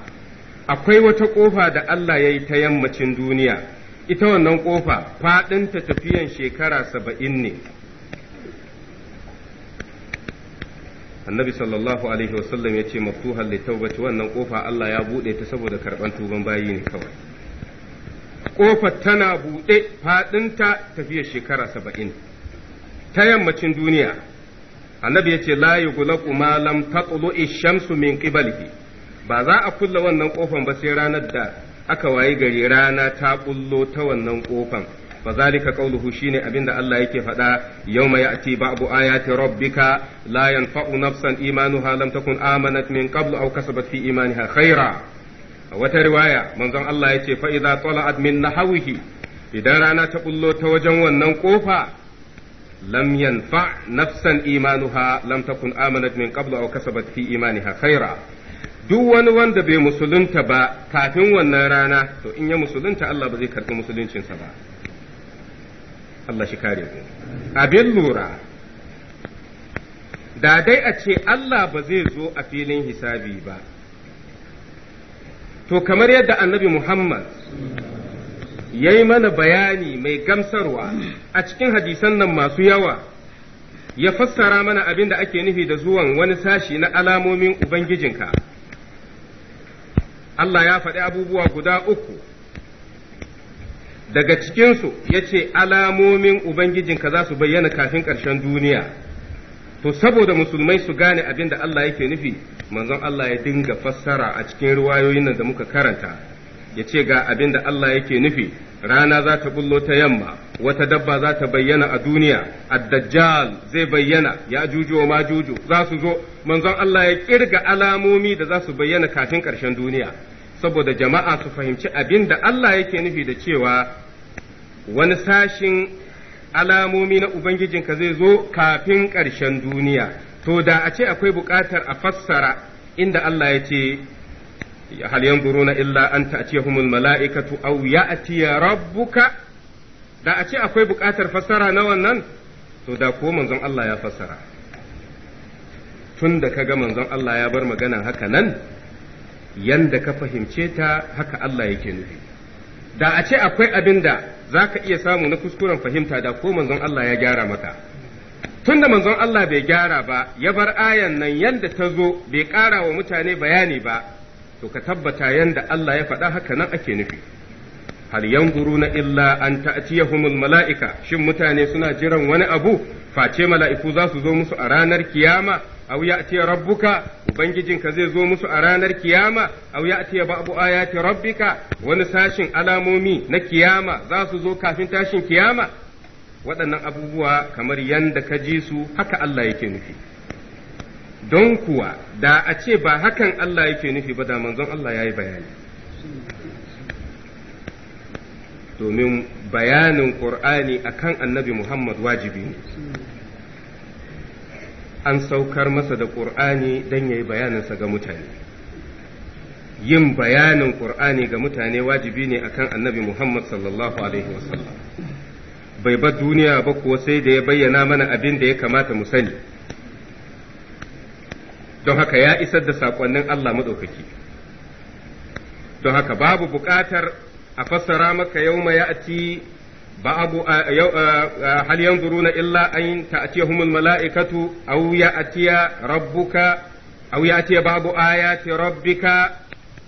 akwai wata ƙofa da Allah ya yi ta yammacin duniya ita wannan ƙofa faɗinta tafiyan shekara saba'in ne annabi sallallahu alaihi wasallam ya ce maftuhan litawbati wannan kofa Allah ya bude ta saboda karban tuban bayi ne kawai kofar tana bude fadinta tafiyar shekara saba'in ta yammacin duniya annabi yace ce la yughlaqu ma lam ash shamsu min qiblihi ba za a kulla wannan kofan ba sai ranar da aka wayi gari rana ta bullo ta wannan kofan fa zalika qawluhu shine abinda Allah yake faɗa yawma ya'ti ba'du ayati rabbika la yanfa'u nafsan imanuha lam takun min qablu aw kasabat fi imaniha khaira a wata riwaya manzon Allah yace fa idza tala'at min nahawihi idan rana ta bullo ta wajen wannan kofa lam yanfa nafsan imanuha lam takun min qablu fi duk wani wanda bai musulunta ba kafin wannan rana to in ya musulunta Allah ba zai karɓi musuluncinsa ba Allah shi kare ku abin lura da dai a ce Allah ba zai zo a filin hisabi ba to kamar yadda annabi Muhammad ya yi mana bayani mai gamsarwa a cikin hadisan nan masu yawa ya fassara mana abin da ake nufi da zuwan wani sashi na alamomin Ubangijinka. Allah ya faɗi abubuwa guda uku daga cikinsu ya ce alamomin Ubangijinka za su bayyana kafin karshen duniya, to saboda musulmai su gane abin da Allah yake nufi, manzon Allah ya dinga fassara a cikin riwayoyin nan da muka karanta, ya ce ga abin da Allah yake nufi, rana za ta bullo ta yamma, wata dabba za ta bayyana a duniya, addajjal zai bayyana, ya juju ma juju za su zo, manzon Allah ya ƙirga alamomi da za su bayyana kafin ƙarshen duniya. saboda jama'a su fahimci abin da Allah yake nufi da cewa wani sashin alamomi na Ubangijinka zai zo kafin ƙarshen duniya, to da a ce akwai buƙatar a fassara inda Allah ya ce, hal na illa an ta'tiyahumul mala'ikatu aw ya'tiya rabbuka da a ce akwai buƙatar fassara na wannan to da ko manzon Allah ya fassara tun da kaga manzon Allah ya bar magana haka nan yanda ka fahimce ta haka Allah yake nufi da a ce akwai abin da za ka iya samu na kuskuren fahimta da ko manzon Allah ya gyara maka tunda manzon Allah bai gyara ba ya bar ayan nan yanda ta zo bai ƙara wa mutane bayani ba to ka tabbata yanda Allah ya faɗa haka nan ake nufi hal yanzuruna illa an ta'tiyahumul mala'ika shin mutane suna jiran wani abu face mala'iku za su zo musu a ranar kiyama aw ya'ti rabbuka ka zai zo musu a ranar kiyama aw ya'ti ba'du ayati rabbika wani sashin alamomi na kiyama za su zo kafin tashin kiyama waɗannan abubuwa kamar yanda ka ji su haka Allah yake nufi don kuwa da a ce ba hakan Allah yake nufi ba da manzon Allah ya yi bayani domin bayanin ƙur'ani kan annabi Muhammad wajibi ne an saukar masa da ƙur'ani don ya yi bayaninsa ga mutane yin bayanin ƙur'ani ga mutane wajibi ne a kan annabi Muhammad sallallahu alaihi wasallam bai bar duniya ba kuwa sai da ya bayyana mana abin da ya kamata mu sani don haka ya isar da saƙonnin Allah maɗaukaki don haka babu buƙatar a fassara maka yawma ba abu hal yanzuruna illa ayin an ta'tiyahumul mala'ikatu aw ya'tiya rabbuka aw ya'tiya babu ayati rabbika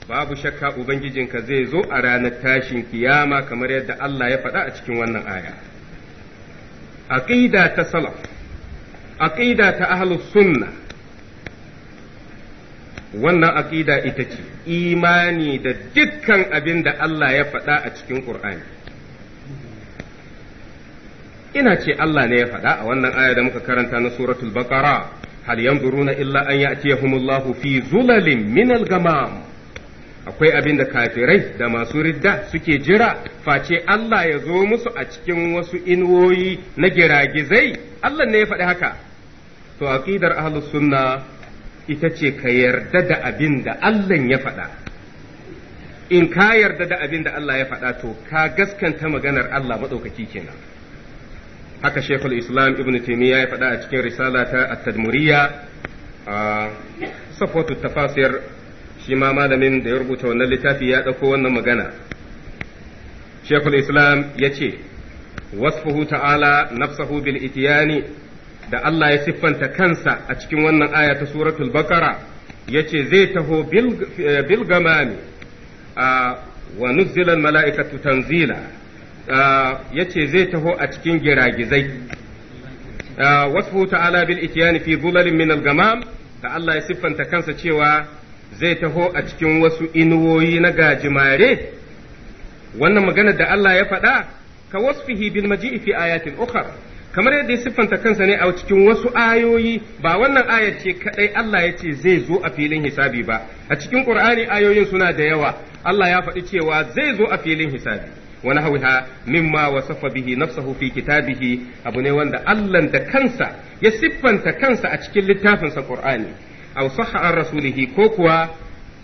babu shakka ubangijinka zai zo a ranar tashin kiyama kamar yadda Allah ya faɗa a cikin wannan aya aqida ta salaf aqida ta ahlus sunnah wannan aƙida ita ce imani da dukkan abin da Allah ya faɗa a cikin Ƙur'ani. Ina ce Allah ne ya faɗa a wannan aya da muka karanta na suratul baqara hal yanzuruna illa an ya'tiyahumullahu fi zulalin minal gamam akwai abin da kafirai da masu ridda suke jira face Allah ya zo musu a cikin wasu inuwoyi na giragizai Allah ne ya faɗi haka to aqidar ahlus sunna ita ce ka yarda da abin da Allah ya faɗa in ka yarda da abin da Allah ya faɗa to ka gaskanta maganar Allah maɗaukaki kenan haka shekul islam ibn taimiyya ya faɗa a cikin risala ta at-tadmuriyya a safwatu tafasir shi ma malamin da ya rubuta wannan littafi ya ɗauko wannan magana shekul islam ya ce wasfuhu ta'ala nafsahu bil itiyani da Allah ya siffanta kansa a cikin wannan aya ta suratul bakara ce zai taho bil eh, gamami wa nuzzilal mala'ikatu tanzila ce zai taho a cikin giragizai wasfu ta'ala bil itiyani fi dhulalin min gamam da Allah ya siffanta kansa cewa zai taho a cikin wasu inuwoyi na gajimare wannan maganar da Allah ya faɗa ka wasfihi bil maji'i fi ayatin ukhra kamar yadda ya siffanta kansa ne a cikin wasu ayoyi ba wannan ayar ce kadai Allah ya ce zai zo a filin hisabi ba a cikin Qur'ani ayoyin suna da yawa Allah ya faɗi cewa zai zo a filin hisabi wani hauha mimma wasafa bihi nafsuhu fi kitabihi abu ne wanda Allah da kansa ya siffanta kansa a cikin littafinsa Qur'ani aw sahha an rasulihi ko kuwa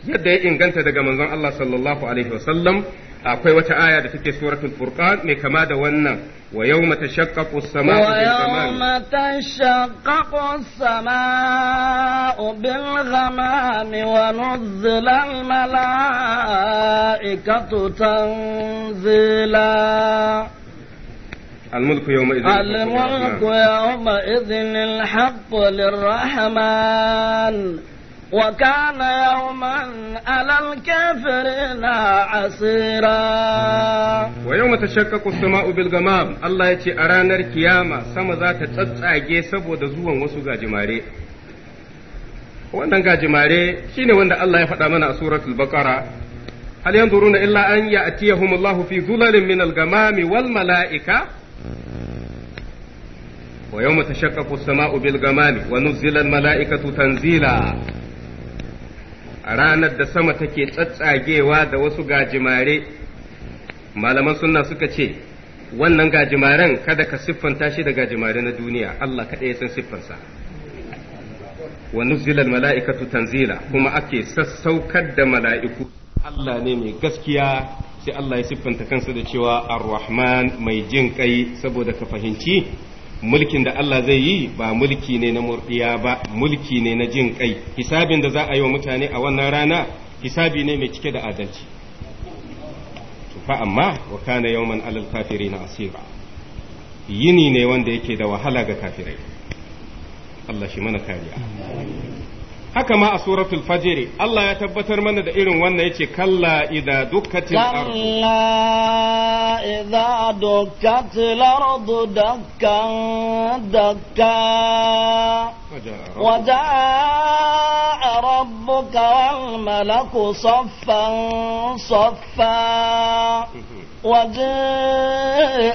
yadda ya inganta daga manzon Allah sallallahu alaihi wasallam akwai wata aya da take suratul furqan mai kama da wannan wa yawma tashaqqaqu as-samaa'u bil ghamam wa yawma tashaqqaqu as-samaa'u bil ghamam wa nuzzila al-malaa'ikatu tanzila الملك يومئذ الملك يومئذ الحق للرحمن وكان يوما على الكافرين عسيرا ويوم تشقق السماء بالغمام الله يتي أرانر كياما سما ذات تتساقي سبو دزوان وسوغا جماري wannan gajimare shi ne wanda Allah ya faɗa mana a suratul baqara hal yanzuruna illa an ya'tiyahum Allahu fi dhulalin min al-ghamami wal mala'ika wa yawma tashaqqaqu as-sama'u bil ghamami wa nuzzila al-mala'ikatu tanzila A ranar da sama take tsatsagewa da wasu gajimare malaman sunna suka ce wannan gajimaren kada ka siffanta shi da gajimare na duniya Allah kaɗai ya san siffansa wa nuzilal mala'ikatu tanzila kuma ake sassaukar da mala'iku Allah ne mai gaskiya sai Allah ya siffanta kansa da cewa ar-rahman mai jin kai saboda ka fahimci mulkin da Allah zai yi ba mulki ne na murdiya ba mulki ne na jin kai hisabin da za a yi wa mutane a wannan rana hisabi ne mai cike da adalci fa amma wa kana yawman alal kafirina asira yini ne wanda yake da wahala ga kafirai Allah shi mana kariya haka ma a suratul fajiri Allah ya tabbatar mana da irin wannan yace kalla idza dukkatil ardu kalla idza dukkatil ardu dakka dakka waja rabbuka wal malaku saffan saffa waja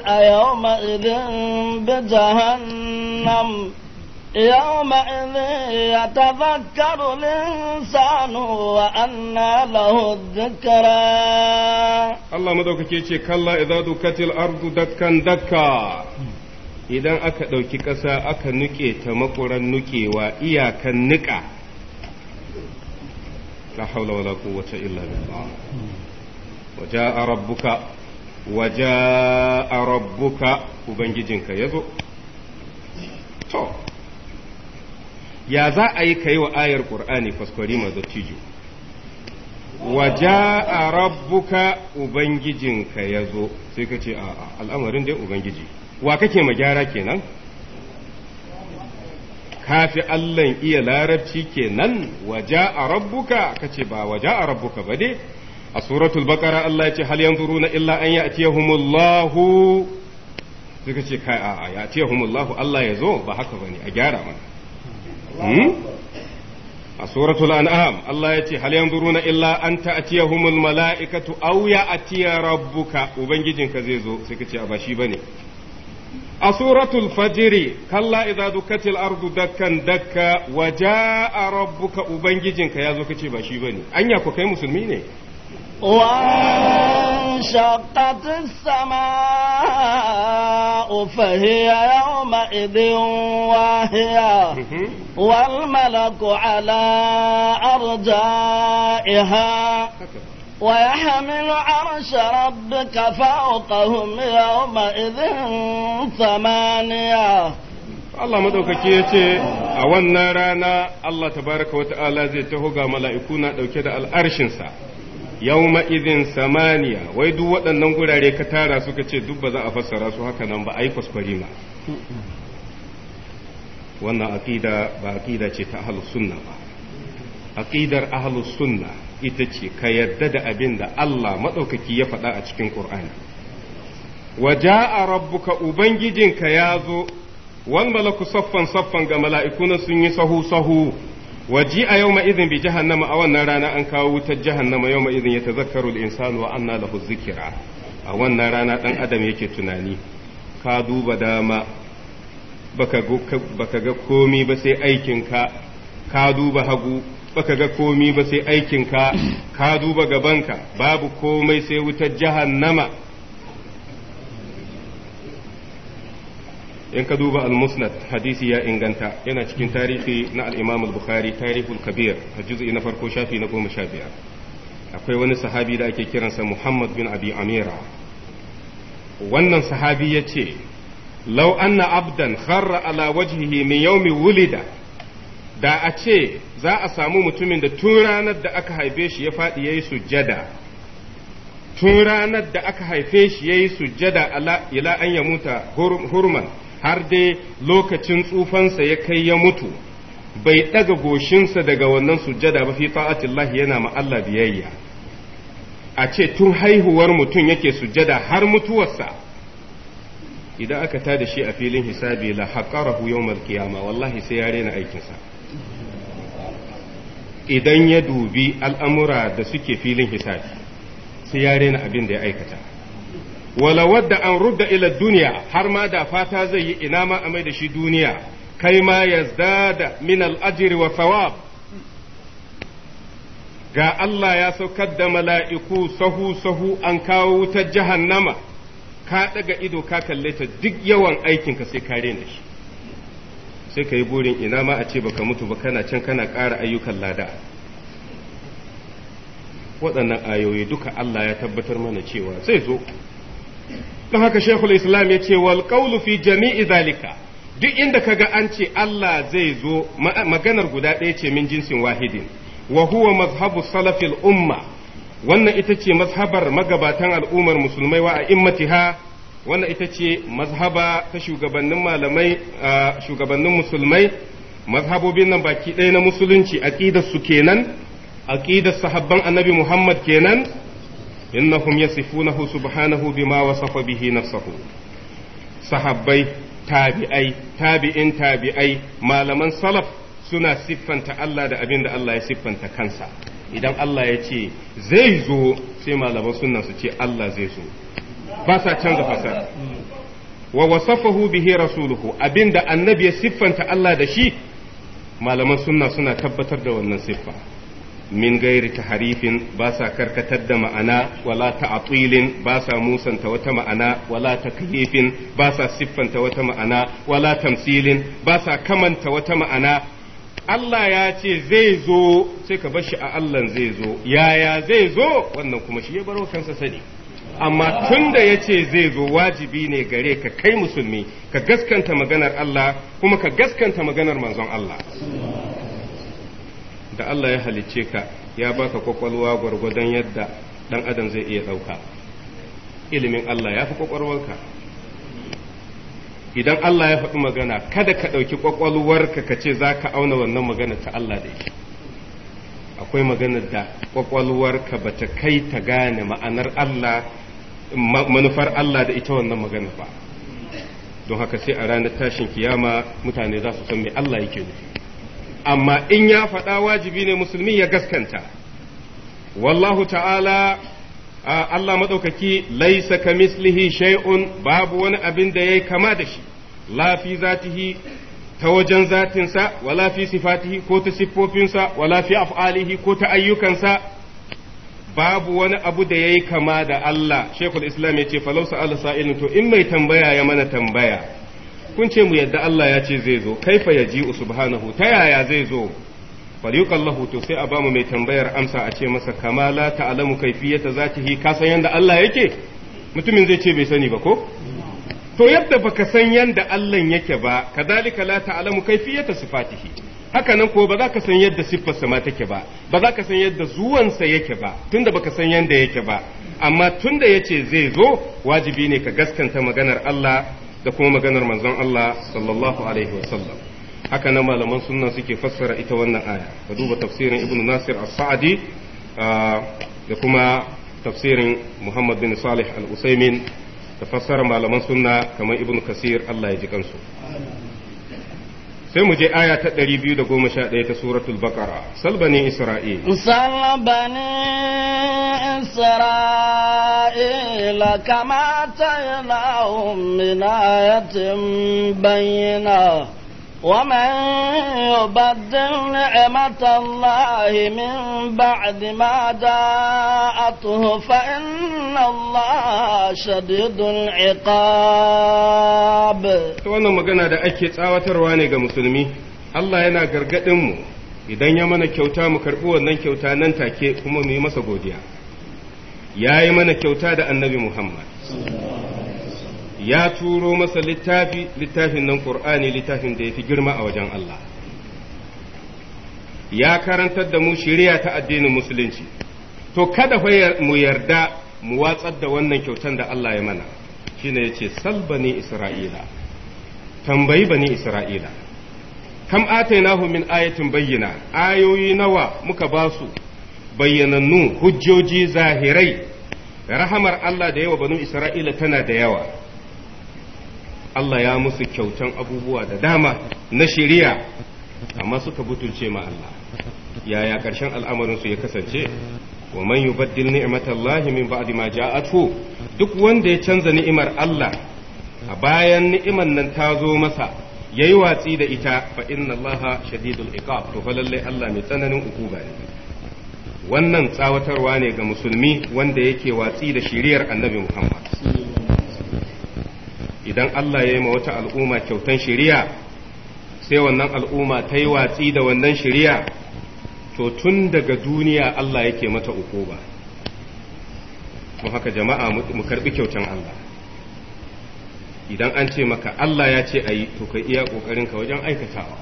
صفا وجاء bi jahannam يومئذ يتفكر الإنسان وأنى له الذكرى الله مدوك كيشي كلا إذا دكت الأرض دكا دكا idan aka ɗauki ƙasa aka nuke ta makuran nukewa iyakan niƙa la haula wala quwwata illa billah waja'a rabbuka waja'a rabbuka ubangijinka yazo ya za a yi kai wa ayar ƙur'ani kwaskwari ma dattijo wa a rabbuka ubangijinka zo sai ka ce a'a al'amarin dai ubangiji wa kake ma gyara kenan kafi allon iya larabci kenan ja a rabbuka ce ba ja a rabbuka ba dai a suratul baqara Allah ya ce hal yanzu runa illa an ya' Sai ka ce kai a ce humullahu Allah ya zo ba haka bane a gyara mana Hmm? a suratul an'am Allah ya ce hal yanzuruna illa an ta'tiyahumul mala'ikatu aw ya'tiya rabbuka ubangijinka zai zo sai ka a ba bane a suratul fajiri kalla idza dukatil ardu dakkan dakka wa jaa rabbuka ubangijinka ya zo kace ba shi bane anya ku kai musulmi ne wa وانشقت السماء فهي يومئذ واهية والملك على أرجائها ويحمل عرش ربك فوقهم يومئذ ثمانية Allah madaukaki ya ce a wannan rana Allah tabaraka wata ta'ala zai taho ga mala'iku na ɗauke da al'arshinsa yawma idin samaniya wai duk waɗannan gurare ka tara suka ce duk ba za a fassara su haka nan ba ai kwaskwari ma wannan aqida ba aqida ce ta ahlus sunna ba aqidar ahlus sunna ita ce ka yarda da abin da Allah madaukaki ya faɗa a cikin Qur'ani wa jaa rabbuka ubangijinka ya zo wal malaku saffan saffan ga mala'ikuna sun yi sahu sahu waji a yau ma'izin bi jahannama a wannan rana an kawo wutar jahannama yawma ya yatazakkaru da insanu wa anna lahu zikira a wannan rana dan adam yake tunani ka duba dama baka ga komi ba sai aikinka ka duba hagu baka ga komi ba sai aikinka ka duba gabanka babu komai sai wutar jahannama in ka duba al-musnad hadisi ya inganta yana cikin tarihi na al-imam al-bukhari tarihul kabir a juz'i na farko shafi na goma sha biyar akwai wani sahabi da ake kiransa muhammad bin abi amira wannan sahabi ya ce lauanna anna abdan kharra ala wajhihi min yawmi wulida da a ce za a samu mutumin da tun ranar da aka haife shi ya faɗi ya yi sujjada tun ranar da aka haife shi ya yi sujjada ila an ya muta hurman har dai lokacin tsufansa ya kai ya mutu bai ɗaga goshinsa daga wannan sujada ba fi ta'atillahi yana ma biyayya a ce tun haihuwar mutum yake sujada har mutuwarsa idan aka da shi a filin hisabi la haƙarahu yawmal kiyama wallahi sai ya rena aikinsa idan ya dubi al'amura da suke filin hisabi sai ya rena abin da ya aikata wala wadda an rudda ila duniya har ma da fata zai yi ina ma a mai da shi duniya kai ma yazdada min al-ajri wa thawab ga Allah ya saukar da mala'iku sahu sahu an kawo wutar jahannama ka daga ido ka kalle ta duk yawan aikinka sai ka rena shi sai ka yi burin ina ma a ce baka mutu ba kana can kana ƙara ayyukan lada waɗannan ayoyi duka Allah ya tabbatar mana cewa zai zo don haka shekul islam ya ce wal qawlu fi jami'i zalika duk inda kaga an ce Allah zai zo maganar guda ɗaya ce min jinsin wahidin wa huwa mazhabu salafil umma wannan ita ce mazhabar magabatan al'ummar musulmai wa a'immatiha wannan ita ce mazhaba ta shugabannin malamai shugabannin musulmai mazhabobin nan baki ɗaya na musulunci aqidar su kenan aqidar sahabban annabi Muhammad kenan innahum yasifunahu subhanahu bima wasafa bihi nafsahu sahabbai tabi'ai tabi'in tabi'ai malaman salaf suna siffanta Allah da abin da Allah ya siffanta kansa idan Allah ya ce zai zo sai malaman sunna su ce Allah zai zo ba sa canza fasara wa wasafahu bihi rasuluhu abinda annabi ya siffanta Allah da shi malaman sunna suna tabbatar da wannan siffa min gairi harifin ba sa karkatar da ma'ana wala ta ta'atilin ba sa musanta wata ma'ana wala ta takyifin ba sa siffanta wata ma'ana wala tamsilin ba sa kamanta wata ma'ana Allah ya ce zai zo sai ka bashi a Allah zai zo yaya zai zo wannan kuma shi ya baro kansa sani amma tun da ya ce zai zo wajibi ne gare ka kai musulmi ka gaskanta maganar Allah kuma ka gaskanta maganar manzon Allah da Allah ya halicce ka ya baka kwakwalwa gwargwadon yadda dan adam zai iya ɗauka ilimin Allah ya fi kwakwalwarka idan Allah ya faɗi magana kada ka ɗauki kwakwalwarka ka ce za ka auna wannan magana ta Allah da ita akwai magana da kwakwalwarka ba ta kai ta gane ma'anar Allah manufar Allah da ita wannan magana ba don haka sai a ranar tashin kiyama mutane za su san me Allah yake nufi amma in ya faɗa wajibi ne musulmi ya gaskanta wallahu ta'ala Allah maɗaukaki laisa ka mislihi shay'un babu wani abin da yayi kama da shi la zatihi ta wajen zatinsa wala fi sifatihi ko ta siffofinsa wala fi af'alihi ko ta ayyukansa babu wani abu da yayi kama da Allah Sheikhul Islam ya ce falau sa'ala sa'ilun to in mai tambaya ya mana tambaya kun ce mu yadda Allah ya ce zai zo kaifa ji subhanahu ta yaya zai zo falyuqallahu to sai a bamu mai tambayar amsa a ce masa kama la ta'lamu kaifiyata zatihi ka san yanda Allah yake mutumin zai ce bai sani ba ko to yadda baka san yanda Allah yake ba kadalika la ta'lamu kaifiyata sifatihi haka nan ko ba za ka san yadda siffarsa ma take ba ba za ka san yadda zuwansa yake ba tunda baka san yanda yake ba amma tunda yace zai zo wajibi ne ka gaskanta maganar Allah da kuma maganar manzon Allah sallallahu alaihi wasallam haka nan malaman sunna suke fassara ita wannan aya ka duba tafsirin ibnu nasir as-sa'di ah, da kuma tafsirin muhammad bin salih al-usaimin da fassara malaman sunna kamar ibnu kasir Allah ya ji kansu sai mu je aya ta 211 ta suratul baqara sal bani isra'il sal bani isra'il kama ta'laum min ayatin bayyana. ومن يبدل نعمة الله من بعد ما جاءته فإن الله شديد العقاب wannan magana da ake tsawatarwa ne ga musulmi Allah yana gargaɗin mu idan ya mana kyauta mu karɓi wannan kyauta nan take kuma mu yi masa godiya ya yi mana kyauta da annabi Muhammad ya turo masa littafi littafin nan qur'ani littafin da ya fi girma a wajen Allah ya karantar da mu shari'a ta addinin musulunci to kada mu yarda mu watsar da wannan kyautan da Allah ya mana shine yace sal bani isra'ila tambayi bani isra'ila kam atainahu min ayatin bayyana ayoyi nawa muka basu bayyanannu hujjoji zahirai rahamar Allah da yawa banu isra'ila tana da yawa Allah ya musu kyautan abubuwa da dama na shari'a amma suka butulce ma Allah yaya ƙarshen al'amarin su ya kasance wa man yubaddil ni'matallahi min ba'di ma ja'athu duk wanda ya canza ni'imar Allah a bayan ni'imar nan ta zo masa yayi watsi da ita fa inna Allaha shadidul iqab to fa lalle Allah mai tsananin ukuba ne wannan tsawatarwa ne ga musulmi wanda yake watsi da shiriyar annabi Muhammad idan Allah ya yi ma wata al'umma kyautan shari'a sai wannan al'umma ta yi watsi da wannan shari'a to tun daga duniya Allah yake mata uku ba. mu haka jama'a mu karbi kyautan Allah idan an ce maka Allah ya ce a yi to ka iya ƙoƙarinka wajen aikatawa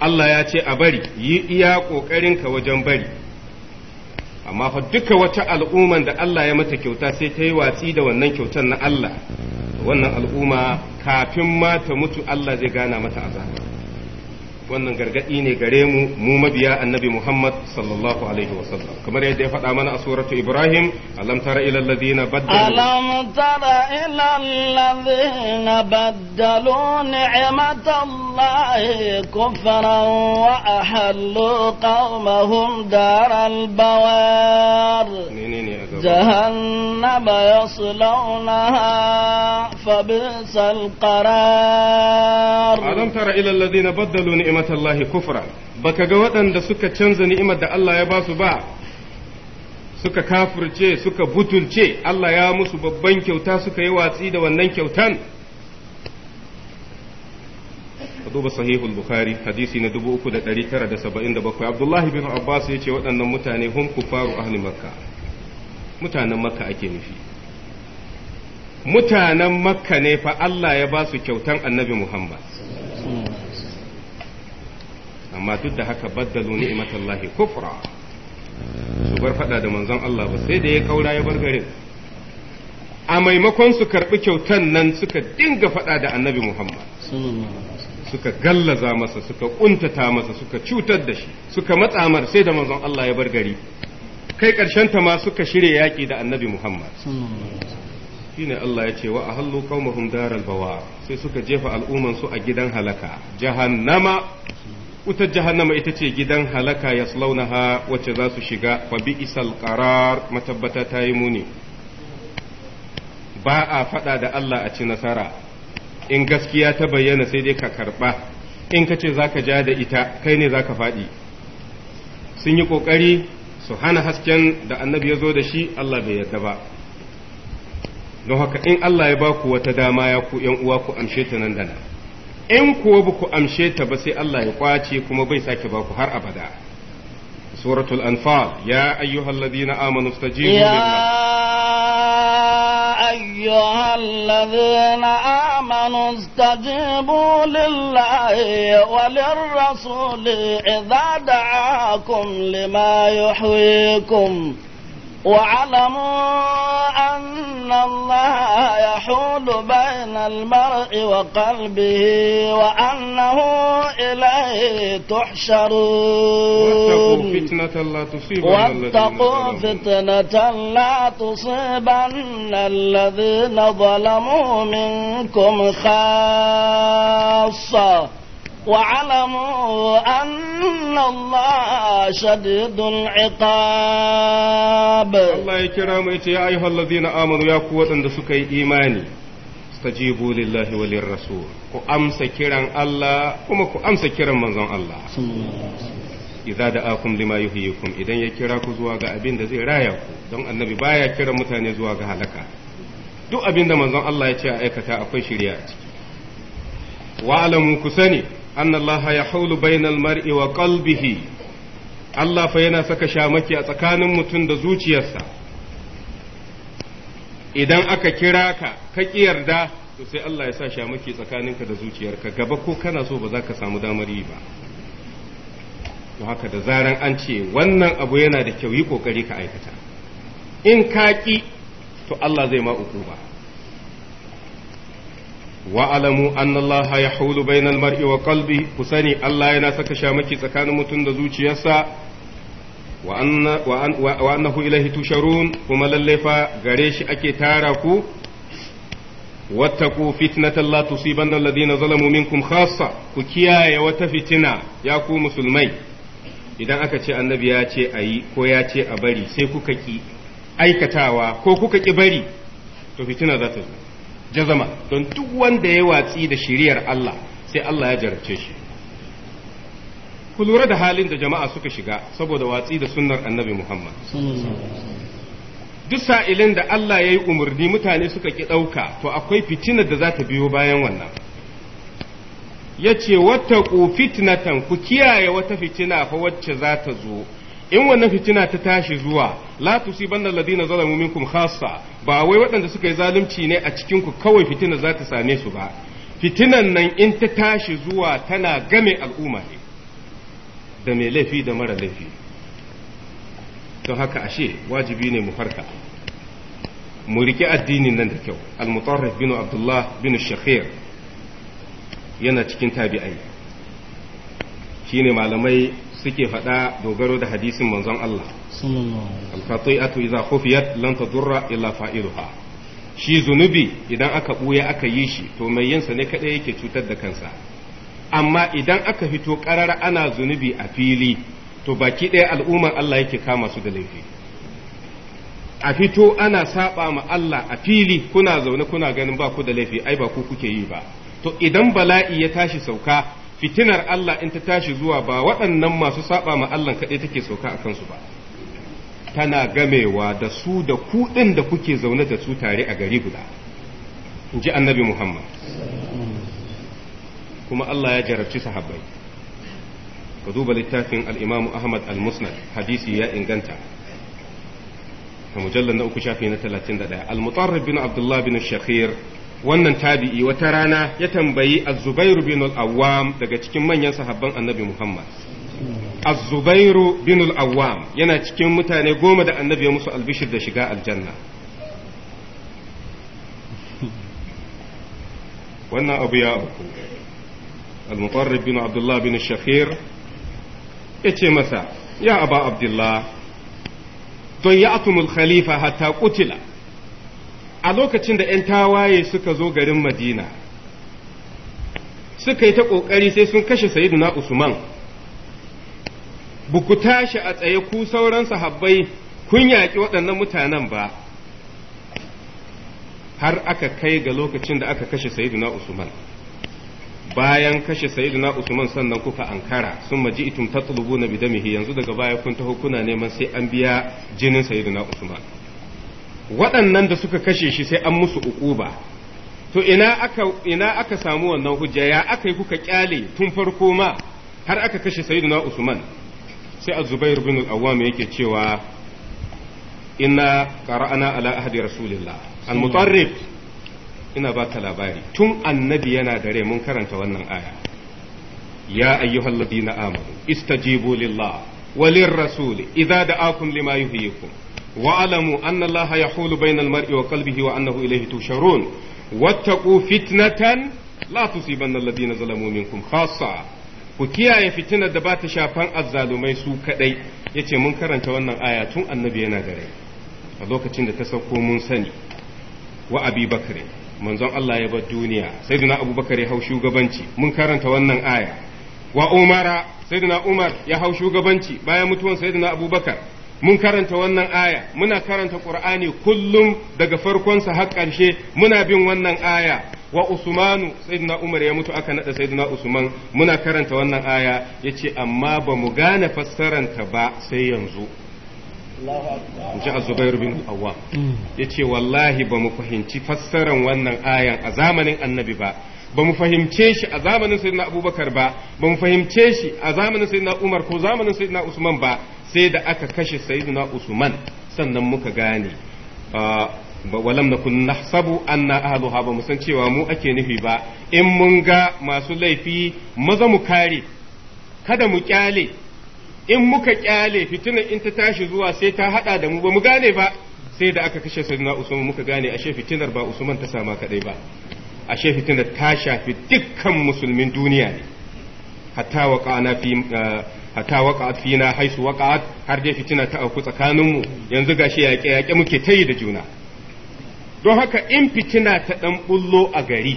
Allah ya ce a bari yi iya ƙoƙarinka wajen bari amma fa duka wata al'umman da Allah ya mata kyauta sai ta yi watsi da wannan kyautar na Allah wannan al'umma kafin ma ta mutu Allah zai gana mata azaba wannan gargadi ne gare mu mu mabiya annabi Muhammad sallallahu alaihi wa sallam kamar yadda ya faɗa mana a suratu Ibrahim alam tara ila alladhina baddalu alam tara ila alladhina baddalu ni'matallahi kufran wa ahallu qaumahum daral bawar جهنم يصلونها فبئس القرار ألم تر إلى الذين بدلوا نعمة ni'matallahi kufra baka ga waɗanda suka canza ni'imar da Allah ya basu ba suka kafirce suka butulce Allah ya musu babban kyauta suka yi watsi da wannan kyautan duba sahihul bukhari hadisi na 3977 abdullahi bin abbas ya ce waɗannan mutane hum kufaru ahli makka mutanen makka ake nufi mutanen makka ne fa Allah ya ba su kyautan annabi muhammad amma duk da haka baddalu ni'matallahi kufra su bar fada da manzon Allah ba sai da ya kaura ya bar garin a maimakon su karbi kyautan nan suka dinga fada da annabi Muhammad suka gallaza masa suka kuntata masa suka cutar da shi suka matsa sai da manzon Allah ya bar gari kai karshen ta ma suka shirya yaki da annabi Muhammad shine Allah ya ce wa ahallu qaumahum daral bawa sai suka jefa al'umman su a gidan halaka jahannama wutar jahannama ita ce gidan halaka ya slaunaha wacce za su shiga fa bi isal qarar matabbata ta yi muni ba a faɗa da Allah a ci nasara in gaskiya ta bayyana sai dai ka karɓa in ka ce za ka ja da ita kai ne za ka faɗi sun yi ƙoƙari su hana hasken da annabi ya zo da shi Allah bai yarda ba don haka in Allah ya ba ku wata dama ya ku uwa ku amshe ta nan da nan in kuwa ba ku amshe ta ba sai Allah ya kwace kuma bai sake ba ku har abada suratul anfal ya ayyuhal ladina amanu istajibu ya ayyuhal ladina amanu istajibu lillahi wa lirrasuli idza da'akum lima yuhyikum واعلموا أن الله يحول بين المرء وقلبه وأنه إليه تحشرون واتقوا فتنة لا تصيبن الذين ظلموا منكم خاصة واعلموا أن الله شديد العقاب الله يكرم يا أيها الذين آمنوا يا قوة دسكي إيماني استجيبوا لله وللرسول كأمس كيران الله كما كأمس كيران منزon الله idza da'akum lima yuhyikum idan ya kira ku zuwa ga abin da zai raya ku don annabi baya kira mutane zuwa ga halaka duk abin da manzon Allah ya ce a aikata akwai shirya. a ciki wa'lamu ku sani أن ya يحول بين المرء وقلبه Allah fa yana saka shamaki a tsakanin mutum da zuciyarsa, idan aka kira ka, ka ƙi yarda, to sai Allah ya sa shamaki tsakaninka da zuciyarka, gaba ko kana so ba za ka samu damar yi ba. To da zaran an ce wannan abu yana da kyau yi ƙoƙari ka aikata, in ka ƙi, to Allah zai ma uku ba. wa'alamu annallaha ya haulu bainal mar'i wa ku sani Allah yana saka shamaki tsakanin mutum da zuciyarsa wa annahu ilaihi tusharun kuma lallefa fa gare shi ake tara ku wattaku fitnatan la da alladhina zalamu minkum khassa ku kiyaye wata fitina ya ku musulmai idan aka ce annabi ya ce ayi ko ya ce a bari sai kuka ki aikatawa ko kuka ki bari to fitina za ta zo jazama don duk wanda ya watsi da shiriyar Allah sai Allah ya jarabce shi ku lura da halin da jama'a suka shiga saboda watsi da sunnar annabi Muhammad duk sa'ilin da Allah ya yi umarni mutane suka ki ɗauka to akwai fitinar da za ta biyo bayan wannan ya ce wata fitnatan ku kiyaye wata fitina fa wacce za ta zo in wannan fitina ta tashi zuwa la tusibanna alladhina zalamu minkum khassa ba wai waɗanda suka yi zalunci ne a cikin ku kawai fitina za ta same su ba fitinan nan in ta tashi zuwa tana game al'umma ne da mai laifi da mara laifi don haka ashe wajibi ne mu farka mu riƙe addinin nan da kyau al-mutarrif bin abdullah bin shakhir yana cikin tabi'ai shine malamai suke faɗa dogaro da hadisin manzon Allah al-khati'atu idza khufiyat lan tadurra illa fa’iruha. shi zunubi idan aka buya aka yi shi to mai yinsa ne kadai yake cutar da kansa amma idan aka fito karar ana zunubi a fili to baki ɗaya al'ummar Allah yake kama su da laifi a fito ana saɓa ma Allah a fili kuna zaune kuna ganin ba ku da laifi ai ba ku kuke yi ba to idan bala'i ya tashi sauka fitinar Allah in ta tashi zuwa ba waɗannan masu saba ma Allah kaɗai take sauka a kansu ba tana gamewa da su da ku ɗin da kuke zaune da su tare a gari guda in ji annabi Muhammad kuma Allah ya jarabci sahabbai ka duba littafin al'imam Ahmad al-Musnad hadisi ya inganta a mujallar na uku shafi na ɗaya al-Mutarrib bin Abdullah bin shakir wannan tabi'i wata rana ya tambayi az-zubair bin al-awwam daga cikin manyan sahabban annabi muhammad az-zubair bin al-awwam yana cikin mutane goma da annabi ya musu albishir da shiga aljanna <laughs> wannan abu ya uku al-mutarrib bin abdullah bin ya ce masa ya aba abdullah don ya ya'tumul khalifa hatta kutila. a lokacin da 'yan tawaye suka zo garin madina suka yi ta ƙoƙari sai sun kashe na usman buku tashi a tsaye ku sauran sahabbai kun yaƙi waɗannan mutanen ba har aka kai ga lokacin da aka kashe sayiduna usman bayan kashe sayyidina Usman sannan kuka ankara sun maji itum na bidamihi yanzu daga baya kun taho kuna neman sai an biya jinin sayyidina Usman waɗannan da suka kashe shi sai an musu uquba to ina aka ina aka samu wannan hujja ya aka yi kuka kyale tun farko ma har aka kashe sayyidina usman sai az-zubair bin al-awwam yake cewa inna qara'ana ala ahdi rasulillah al-mutarrib ina baka labari tun annabi yana dare mun karanta wannan aya ya ayyuhal ladina amanu istajibu lillah walir rasul idza da'akum lima yuhyikum wa'alamu anna Allah yahulu bainal mar'i wa qalbihi wa annahu ilayhi tusharun wattaqu fitnatan la tusibanna alladhina zalamu minkum khassa ku kiyaye fitinar da ba ta shafan azzalumai su kaɗai yace mun karanta wannan aya tun annabi yana da rai a lokacin da ta sauko mun sani wa abi bakare manzon Allah ya bar duniya sayyidina abubakar ya hau shugabanci mun karanta wannan aya wa umara sayyidina umar ya hau shugabanci bayan mutuwan sayyidina abubakar mun karanta wannan aya muna karanta qur'ani kullum daga farkonsa har ƙarshe muna bin wannan aya wa usmanu sayyidina umar ya mutu aka nada sayyidina usman muna karanta wannan aya yace amma ba mu gane ta ba sai yanzu ji az bin Awwa. Mm. yace wallahi ba mu fahimci fassaran wannan ayan a zamanin annabi ba ba mu fahimce shi a zamanin sayyidina abubakar ba ba mu fahimce shi a zamanin sayyidina umar ko zamanin sayyidina usman ba sai da aka kashe sayyidina usman sannan muka gane ah, Ba walam nakun nahsabu na ahluha ba mu san cewa mu ake nufi ba in mun ga masu laifi maza mu kare kada mu kyale in muka kyale fitinan in ta tashi zuwa sai ta hada da mu ba mu gane ba sai da aka kashe sayyidina usman muka gane ashe fitinar ba usman ta sama kadai ba ashe fitinar ta shafi dukkan musulmin duniya ne hatta waka fi eh, na haisu waka har dai fitina ta auku tsakaninmu yanzu gashi yaƙe yaƙe muke ta yi da juna don haka in fitina ta ɗan bullo a gari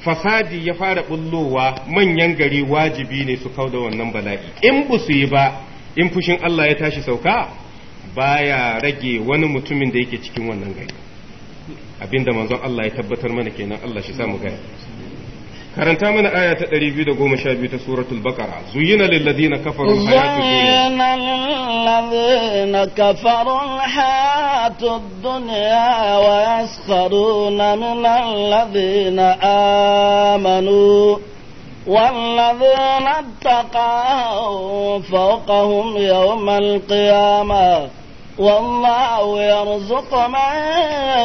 fasadi ya fara bullowa manyan gari wajibi ne su kau da wannan bala'i in ba su yi ba in fushin Allah ya tashi sauka baya rage wani mutumin da yake cikin wannan gari abinda manzon Allah ya tabbatar mana kenan Allah shi samu gani karanta mana aya ta 212 ta suratul baqara zuyina lil ladina kafaru zuyina lil ladina kafaru hayatud dunya wa yaskharuna min alladhina amanu والذين اتقوا فوقهم يوم القيامه والله يرزق من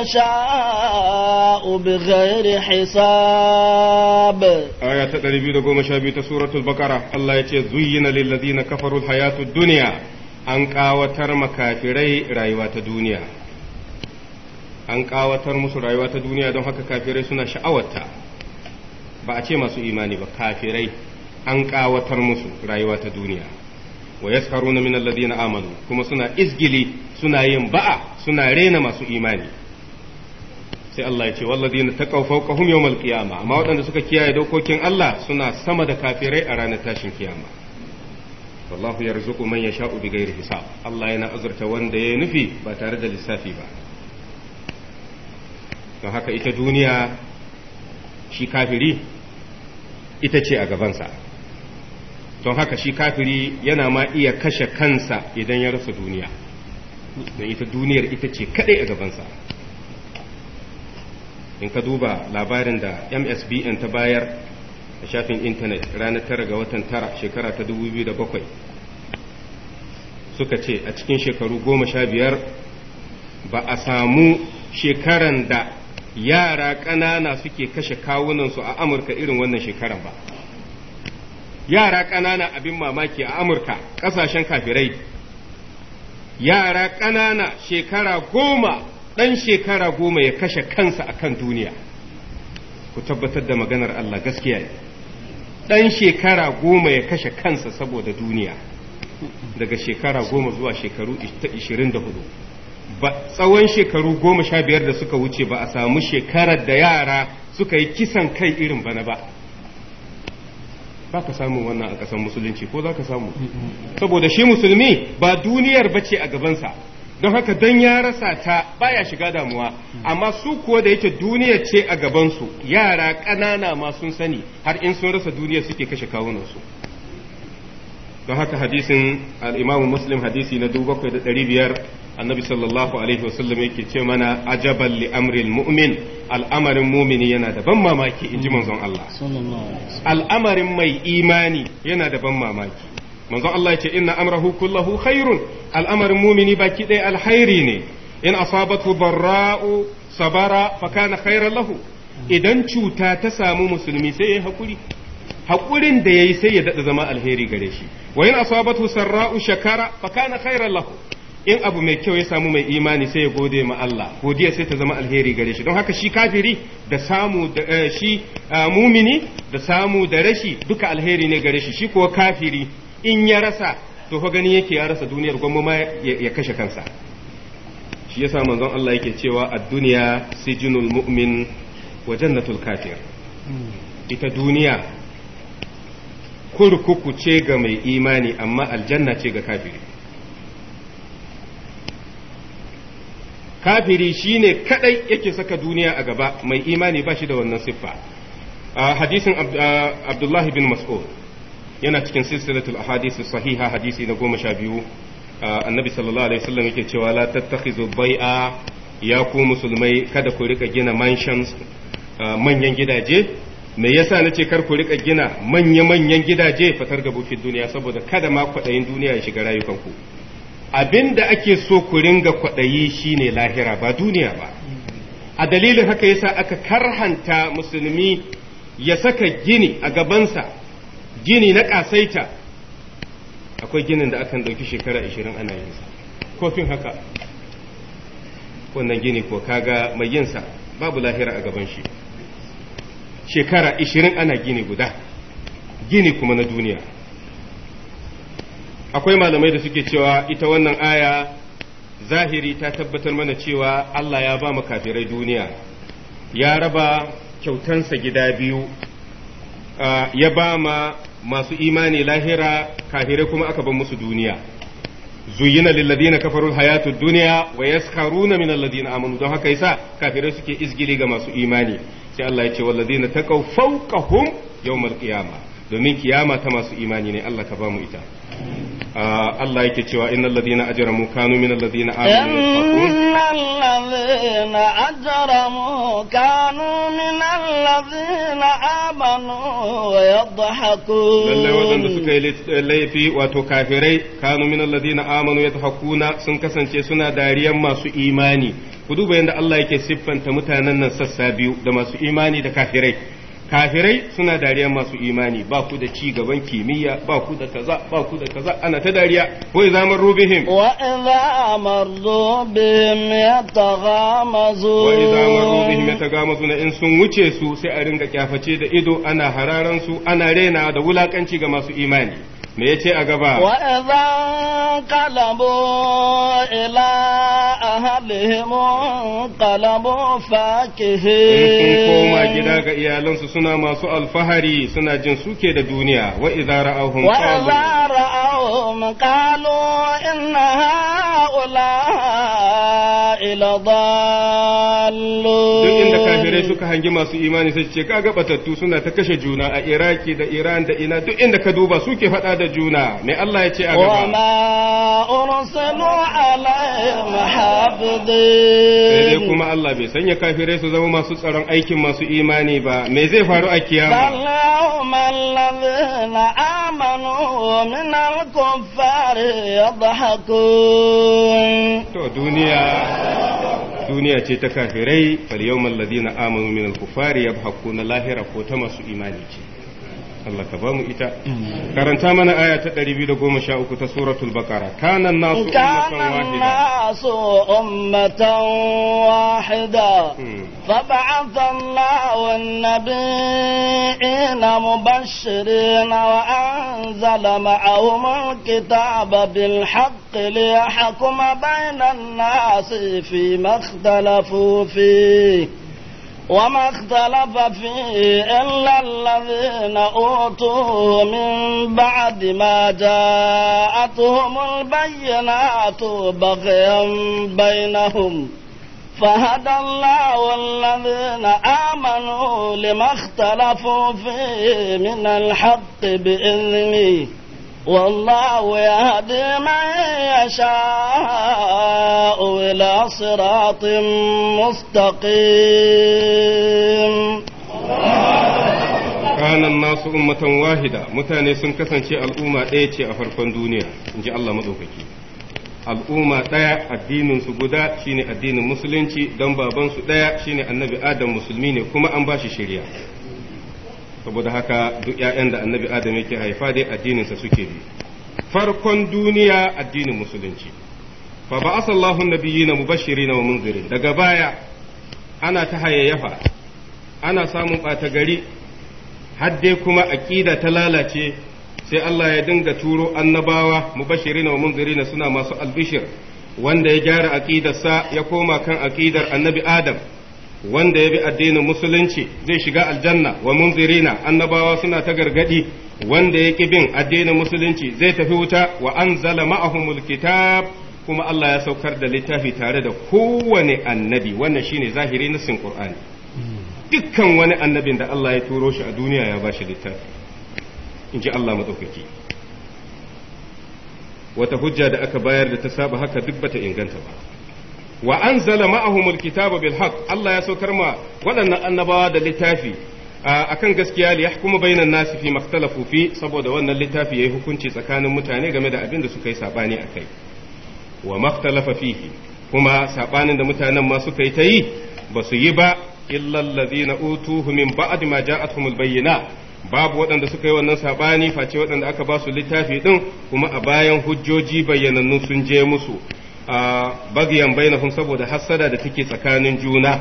يشاء بغير حساب آية تدريبية قوم شابية سورة البقرة الله يتي زين للذين كفروا الحياة الدنيا an ƙawatar makafirai rayuwa ta duniya an ƙawatar musu rayuwa ta duniya don haka kafirai suna sha'awata. ba a ce masu imani ba kafirai an ƙawatar musu rayuwa ta duniya wa yasharuna min alladhina amanu kuma suna izgili suna yin ba'a suna rena masu imani sai Allah ya ce walladhina taqaw fawqahum yawmal qiyamah amma waɗanda suka kiyaye dokokin Allah suna sama da kafirai a ranar tashin kiyama wallahu yarzuqu man yasha'u bighairi hisab Allah yana azurta wanda ya nufi ba tare da lissafi ba don haka ita duniya shi kafiri ita ce a gabansa don haka shi kafiri yana ma iya kashe kansa idan ya rasa duniya don ita duniyar ita ce kadai a gabansa in ka duba labarin da msbn ta bayar a shafin intanet ranar tara ga watan tara shekara ta 2007 suka ce a cikin shekaru goma sha biyar ba a samu shekaran da yara ƙanana suke kashe kawunansu a amurka irin wannan shekaran ba yara ƙanana abin mamaki a amurka ƙasashen kafirai yara ƙanana shekara goma ɗan shekara goma ya kashe kansa a kan duniya ku tabbatar da maganar allah gaskiya ne ɗan shekara goma ya kashe kansa saboda duniya daga shekara goma zuwa shekaru ishirin da hudu ba tsawon shekaru goma sha biyar da suka wuce ba a samu shekarar da yara suka yi kisan kai irin bana ba ba ka samu wannan a ƙasar musulunci ko za ka samu saboda shi musulmi ba duniyar ba ce a gabansa don haka don ya rasa ta baya shiga damuwa amma su kuwa da yake duniya ce a gabansu yara ƙanana ma sun sani har in sun rasa duniyar suke kashe kawunansu don haka hadisin al muslim hadisi na da biyar. annabi sallallahu alaihi wasallam yake ce mana ajaban li amril mu'min al'amarin mumini yana da ban mamaki in manzon Allah al'amarin mai imani yana da ban mamaki manzon Allah yace inna amrahu kullahu khairun al'amarin mumini baki ɗaya alhairi ne in asabatu barra'u sabara fa kana khairan lahu idan cuta ta samu musulmi sai ya hakuri hakurin da yayi sai ya dada zama alheri gare shi wa in asabatu sarra'u shakara fa kana khairan lahu in abu mai kyau ya samu mai imani sai ya gode ma Allah godiya sai ta zama alheri gare shi don haka shi kafiri da samu da eh, shi eh, mumini da samu da rashi duka alheri ne gare shi shi kuwa kafiri in ya rasa to fa gani yake ya rasa duniyar gwamma ma ya kashe kansa shi yasa manzon Allah yake cewa ad-dunya sijnul mu'min wa jannatul kafir ita duniya kurkuku ce ga mai imani amma aljanna ce ga kafiri kafiri shine kadai yake saka duniya a gaba mai imani ba shi da wannan siffa hadisin abdullahi bin mas'ud yana cikin silsilatul ahadisi sahiha hadisi na goma sha biyu annabi sallallahu alaihi wasallam yake cewa la tattakhizu bai'a ya ku musulmai kada ku rika gina mansions manyan gidaje me yasa nace kar ku rika gina manya manyan gidaje fatar gabukin duniya saboda kada ma kwaɗayin duniya ya shiga rayukanku ku abin da ake so ku ringa kwaɗayi shine lahira ba duniya ba a dalilin haka yasa aka karhanta musulmi ya saka gini a gabansa gini na ƙasaita akwai ginin da akan ɗauki shekara ashirin ana yinsa kofin haka wannan gini ko kaga mai yinsa babu lahira a gaban shi shekara ashirin ana gini guda gini kuma na duniya akwai malamai da suke cewa ita wannan aya zahiri ta tabbatar mana cewa Allah ya ba mu kafirai duniya ya raba kyautansa gida biyu ya ba ma masu imani lahira kafirai kuma aka ban musu duniya zuyina lilladina kafaru hayatud duniya wa yaskharuna min alladina amanu don haka yasa kafirai suke izgili ga masu imani sai Allah ya ce walladina taqaw fawqahum yawmal qiyamah domin kiyama ta masu imani ne Allah ka ba mu ita Allah yake cewa innal ladina ajramu kanu min alladina amanu innal ladina ajramu kanu min alladina amanu wa yadhakun lalle wadanda suka yi laifi wato kafirai kanu min alladina amanu yadhakuna sun kasance suna dariyan masu imani ku duba yanda Allah yake siffanta mutanen nan biyu da masu imani da kafirai kafirai suna dariya masu imani ba ku da ci gaban kimiyya ba ku da kaza ba ku da kaza ana ta dariya wa idza marru bihim wa idza marru bihim yataghamazu wa idza marru bihim yataghamazu na in sun wuce su sai a ringa kyaface da ido ana hararan su ana rena da wulakanci ga masu imani me yace a gaba wa idhan kalabu ila ahlihim kalabu fakihi sun kuma gida ga iyalansu suna masu alfahari suna jin suke da duniya wa idza ra'awhum wa idza ra'awhum qalu inna haula ila dallun duk inda kafirai suka hangi masu imani sai ce kaga batattu suna ta kashe juna a Iraki da Iran da ina duk inda ka duba suke faɗa da. da juna mai Allah ya ce a gaba wama dai kuma Allah bai sanya kafirai su zama masu tsaron aikin masu imani ba me zai faru a kiyama Allahumma alladhina amanu min al-kuffari yadhhakun to duniya duniya ce ta kafirai fal yawmal ladina amanu min al-kuffari na lahira ko ta masu imani ce Allah ka bamu ita karanta mana aya ta 213 ta suratul baqara kana nasu ummatan wahida فبعث الله النبيين مبشرين وأنزل معهم الكتاب بالحق ليحكم بين الناس فيما اختلفوا فيه وما اختلف فيه إلا الذين أوتوا من بعد ما جاءتهم البينات بغيا بينهم فهدى الله الذين آمنوا لما اختلفوا فيه من الحق بإذنه والله يهدي من يشاء إلى صراط مستقيم كان الناس أمة واحدة متاني سنكسن شيء الأمة ايتي أفرقن دنيا إن شاء الله مدوكي al'umma ɗaya addininsu guda shine addinin musulunci don babansu ɗaya shine annabi adam musulmi ne kuma an ba shi shirya saboda haka duk ‘ya'yan da annabi adam yake haifa dai addininsa suke bi farkon duniya addinin musulunci fa ba asallahu mubashiri mubashirina wa munzirin daga baya ana ta hayayyafa ana samun ɓata gari har dai kuma aƙida ta lalace sai Allah ya dinga turo annabawa mubashiri wa munzirina suna masu albishir wanda ya gyara aƙidarsa ya koma kan aƙidar annabi adam wanda ya bi addinin musulunci zai shiga aljanna wa munzirina annabawa suna ta gargadi wanda ya ki bin addinin musulunci zai tafi wuta wa anzala ma'ahumul kitab kuma Allah ya saukar da littafi tare da kowane annabi wannan shine zahiri na sin Qur'ani dukkan wani annabin da Allah ya turo shi a duniya ya bashi littafi in ji Allah madaukaki wata hujja da aka bayar da ta saba haka duk bata inganta ba wa anzala ma'ahumul kitaba bil haqq Allah ya saukar ma waɗannan annabawa da littafi akan gaskiya li yahkuma bainan nasi fi maktalafu fi saboda wannan littafi yayi hukunci tsakanin mutane game da abin da suka yi sabani akai wa maktalafa fihi kuma sabanin da mutanen ma suka yi ta yi ba su yi ba illa allazina utuhu min ba'd ma ja'atuhumul bayyinat babu waɗanda suka yi wannan saɓani face waɗanda aka ba su littafi ɗin kuma a bayan hujjoji bayyanannu sun je musu bagiyan bainahum saboda hassada da take tsakanin juna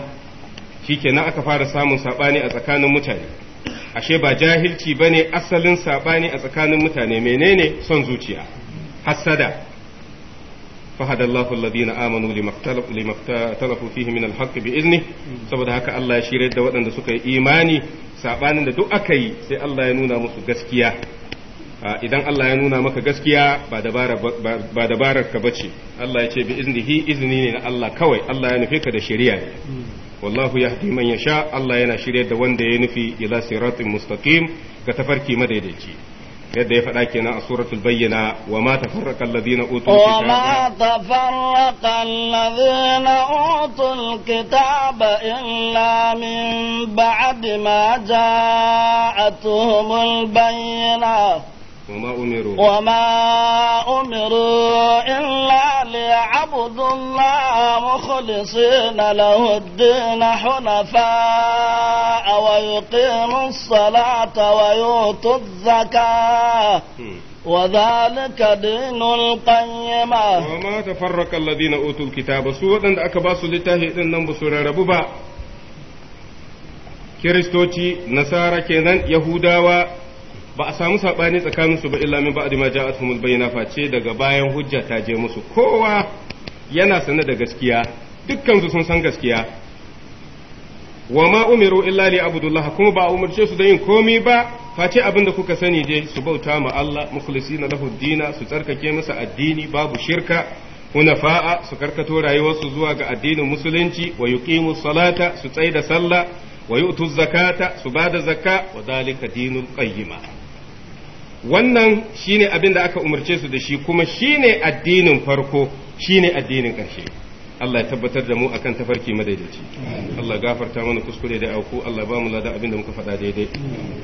shikenan aka fara samun saɓani a tsakanin mutane ashe ba jahilci ba ne asalin saɓani a tsakanin mutane menene son zuciya hassada فهدى الله الذين آمنوا لما اختلفوا فيه من الحق بإذنه saboda haka Allah ya shirye da waɗanda suka yi imani saɓanin da duk aka yi sai Allah ya nuna musu gaskiya idan Allah ya nuna maka gaskiya ba dabarar ka bace Allah ya ce bi iznihi izini ne na Allah kawai Allah ya nufe ka da shari'a ne wallahu yahdi man yasha Allah yana shirya da wanda ya nufi ila siratin mustaqim ga tafarki madaidaici yadda ya faɗa kenan a suratul bayyana wa ma tafarraqa alladhina utul kitaba wa ma tafarraqa alladhina utul kitaba illa min ba'di ma ja'atuhumul bayyana. وما أمروا وما أمروا إلا ليعبدوا الله مخلصين له الدين حنفاء ويقيموا الصلاة ويؤتوا الزكاة وذلك دين القيمة وما تفرق الذين أوتوا الكتاب سوء أن أكباس لتاهي إنهم بسورة ربوبا kiristoci nasara kenan yahudawa ba a samu saɓani su ba illa min ba'di ma ja'atuhumul bayyina face daga bayan hujja ta je musu kowa yana sane da gaskiya dukkan su sun san gaskiya wa ma umiru illa li abudullah kuma ba umarce su da yin komi ba face abin da kuka sani dai su bauta ma Allah mukhlisina lahu dina su tsarkake masa addini babu shirka hunafa'a su karkato rayuwarsu zuwa ga addinin musulunci wa yuqimu salata su tsaida sallah wa yu'tu zakata su bada zakka wa dalika dinul qayyima wannan shine abin da aka umarce su da shi kuma shine addinin farko shine addinin ƙarshe Allah ya tabbatar da mu akan tafarki madaidaici Allah gafarta mana kuskure da auku Allah ba mu lada abin da muka faɗa daidai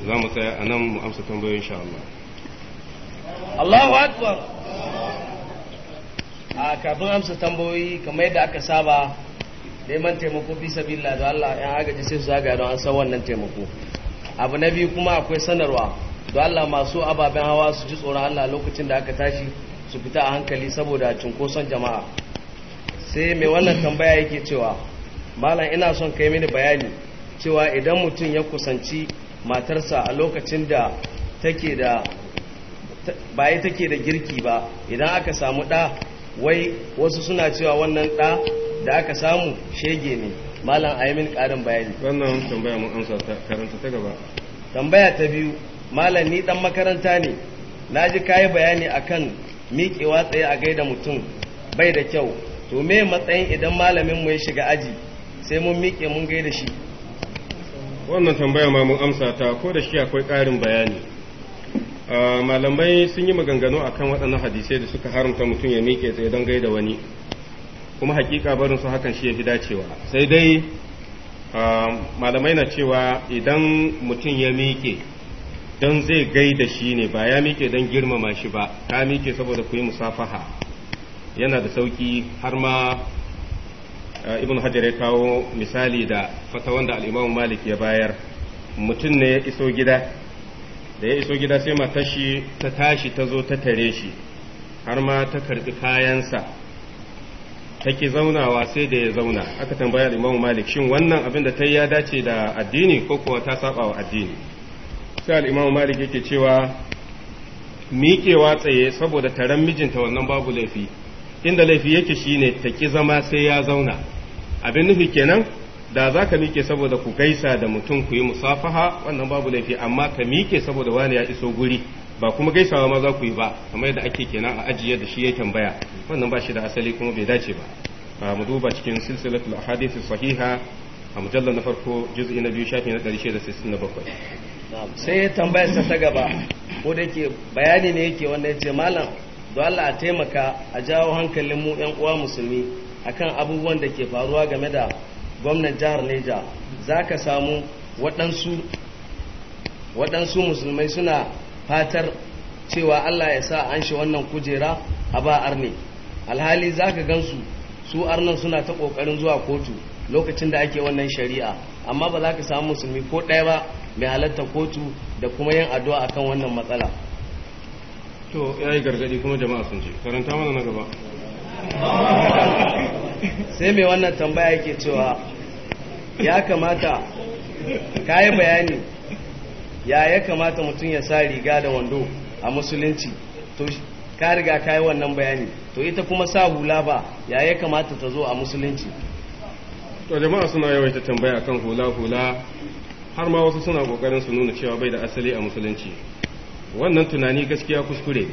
za mu tsaya a nan mu amsa tambayoyin insha Allah Allahu akbar a kafin amsa tambayoyi kamar yadda aka saba neman taimako fi sabilla da Allah ya agaji sai su zagaya don an san wannan taimako abu na biyu kuma akwai sanarwa don Allah masu ababen hawa su ji tsoron Allah lokacin da aka tashi su fita a hankali saboda cunkoson jama'a sai mai wannan tambaya yake cewa malam ina son kai mini bayani cewa idan mutum ya kusanci matarsa a lokacin da take da baye take da girki ba idan aka samu ɗa wai wasu suna cewa wannan ɗa da aka samu shege ne malam a yi ƙarin bayani wannan tambaya mun amsa karanta ta gaba tambaya ta biyu malam ni dan makaranta ne na ji kayi bayani akan miƙewa tsaye a gaida mutum bai da kyau to me matsayin idan malamin mu ya shiga aji sai mun miƙe mun gaida shi wannan tambaya ma mun amsa ta ko da shi akwai ƙarin bayani ah, malamai sun yi maganganu akan waɗannan hadisai da suka haramta mutum ya miƙe tsaye don gaida wani kuma hakika barin su hakan shi ya fi dacewa sai dai ah, malamai na cewa idan mutum ya miƙe don zai gaida shi ne ba ya mike don girmama shi ba ta mike saboda ku yi musafaha yana da sauki har ma eh, ibn hajar ya kawo misali da fata wanda al'imamu malik ya bayar mutum ne ya iso gida da ya iso gida sai matar shi ta tashi ta zo ta tare shi har ma ta karbi kayansa take zaunawa sai da ya zauna aka tambaya al'imamu malik shin wannan abin da ta yi ya dace da addini ko kuwa ta saba wa addini sai al'imamu malik yake cewa miƙewa tsaye saboda taron mijinta wannan babu laifi inda laifi yake shine ta ki zama sai ya zauna abin nufi kenan da za ka miƙe saboda ku gaisa da mutum ku yi musafaha wannan babu laifi amma ka miƙe saboda wani ya iso guri ba kuma gaisawa ma za ku yi ba kamar yadda ake kenan a ajiye da shi ya tambaya wannan ba shi da asali kuma bai dace ba ah, mu duba cikin silsilatul ahadith sahiha a mujallar na farko juz'i na biyu shafi na 167 sai ya tambaya sa ta gaba ko da ke bayani ne yake wanda ya ce malam don Allah a taimaka a jawo hankalin mu yan uwa musulmi akan abubuwan da ke faruwa game da gwamnan jihar Neja za ka samu waɗansu waɗansu musulmai suna fatar cewa Allah ya sa an shi wannan kujera a ba arne alhali za ka gansu su arnan suna ta ƙoƙarin zuwa kotu lokacin da ake wannan shari'a amma ba za ka samu musulmi ko ɗaya ba mai halatta kotu da kuma yin addu'a akan wannan matsala to yayi gargadi kuma jama'a sun ce karanta mana na gaba sai mai wannan tambaya yake cewa ya kamata kayi bayani ya ya kamata mutum ya sa riga da wando a musulunci to ka riga ka yi wannan bayani to ita kuma sa hula ba ya ya kamata ta zo a musulunci to jama'a suna yawaita tambaya kan hula hula har ma wasu suna kokarin su nuna cewa bai da asali a musulunci wannan tunani gaskiya kuskure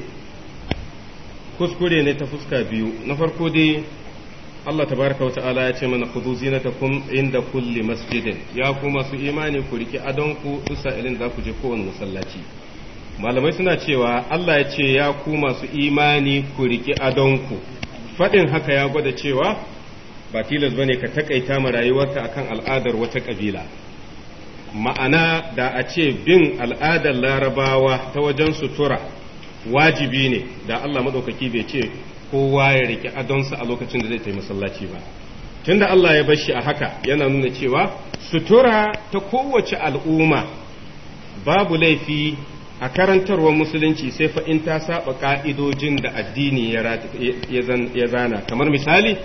kuskure ne ta fuska biyu na farko dai Allah tabaraka Ala ya ce mana na zinatakum inda kulli masjidin ya ku masu imani ku riki adon ku sa'ilin za ku je kowane masallaci malamai suna cewa Allah ya ce ya ku masu imani ku riki adon ku faɗin haka ya gwada cewa ba tilas bane ka takaita ma rayuwarka akan al'adar wata kabila ma'ana da a ce bin al'adar larabawa ta wajen sutura wajibi ne da Allah maɗaukaki bai ce kowa ya riƙe adonsa a lokacin da zai yi masallaci ba tunda Allah ya bar shi a haka yana nuna cewa sutura ta kowace al'umma babu laifi a karantarwa musulunci sai fa in ta saba ka'idojin da addini ya zana kamar misali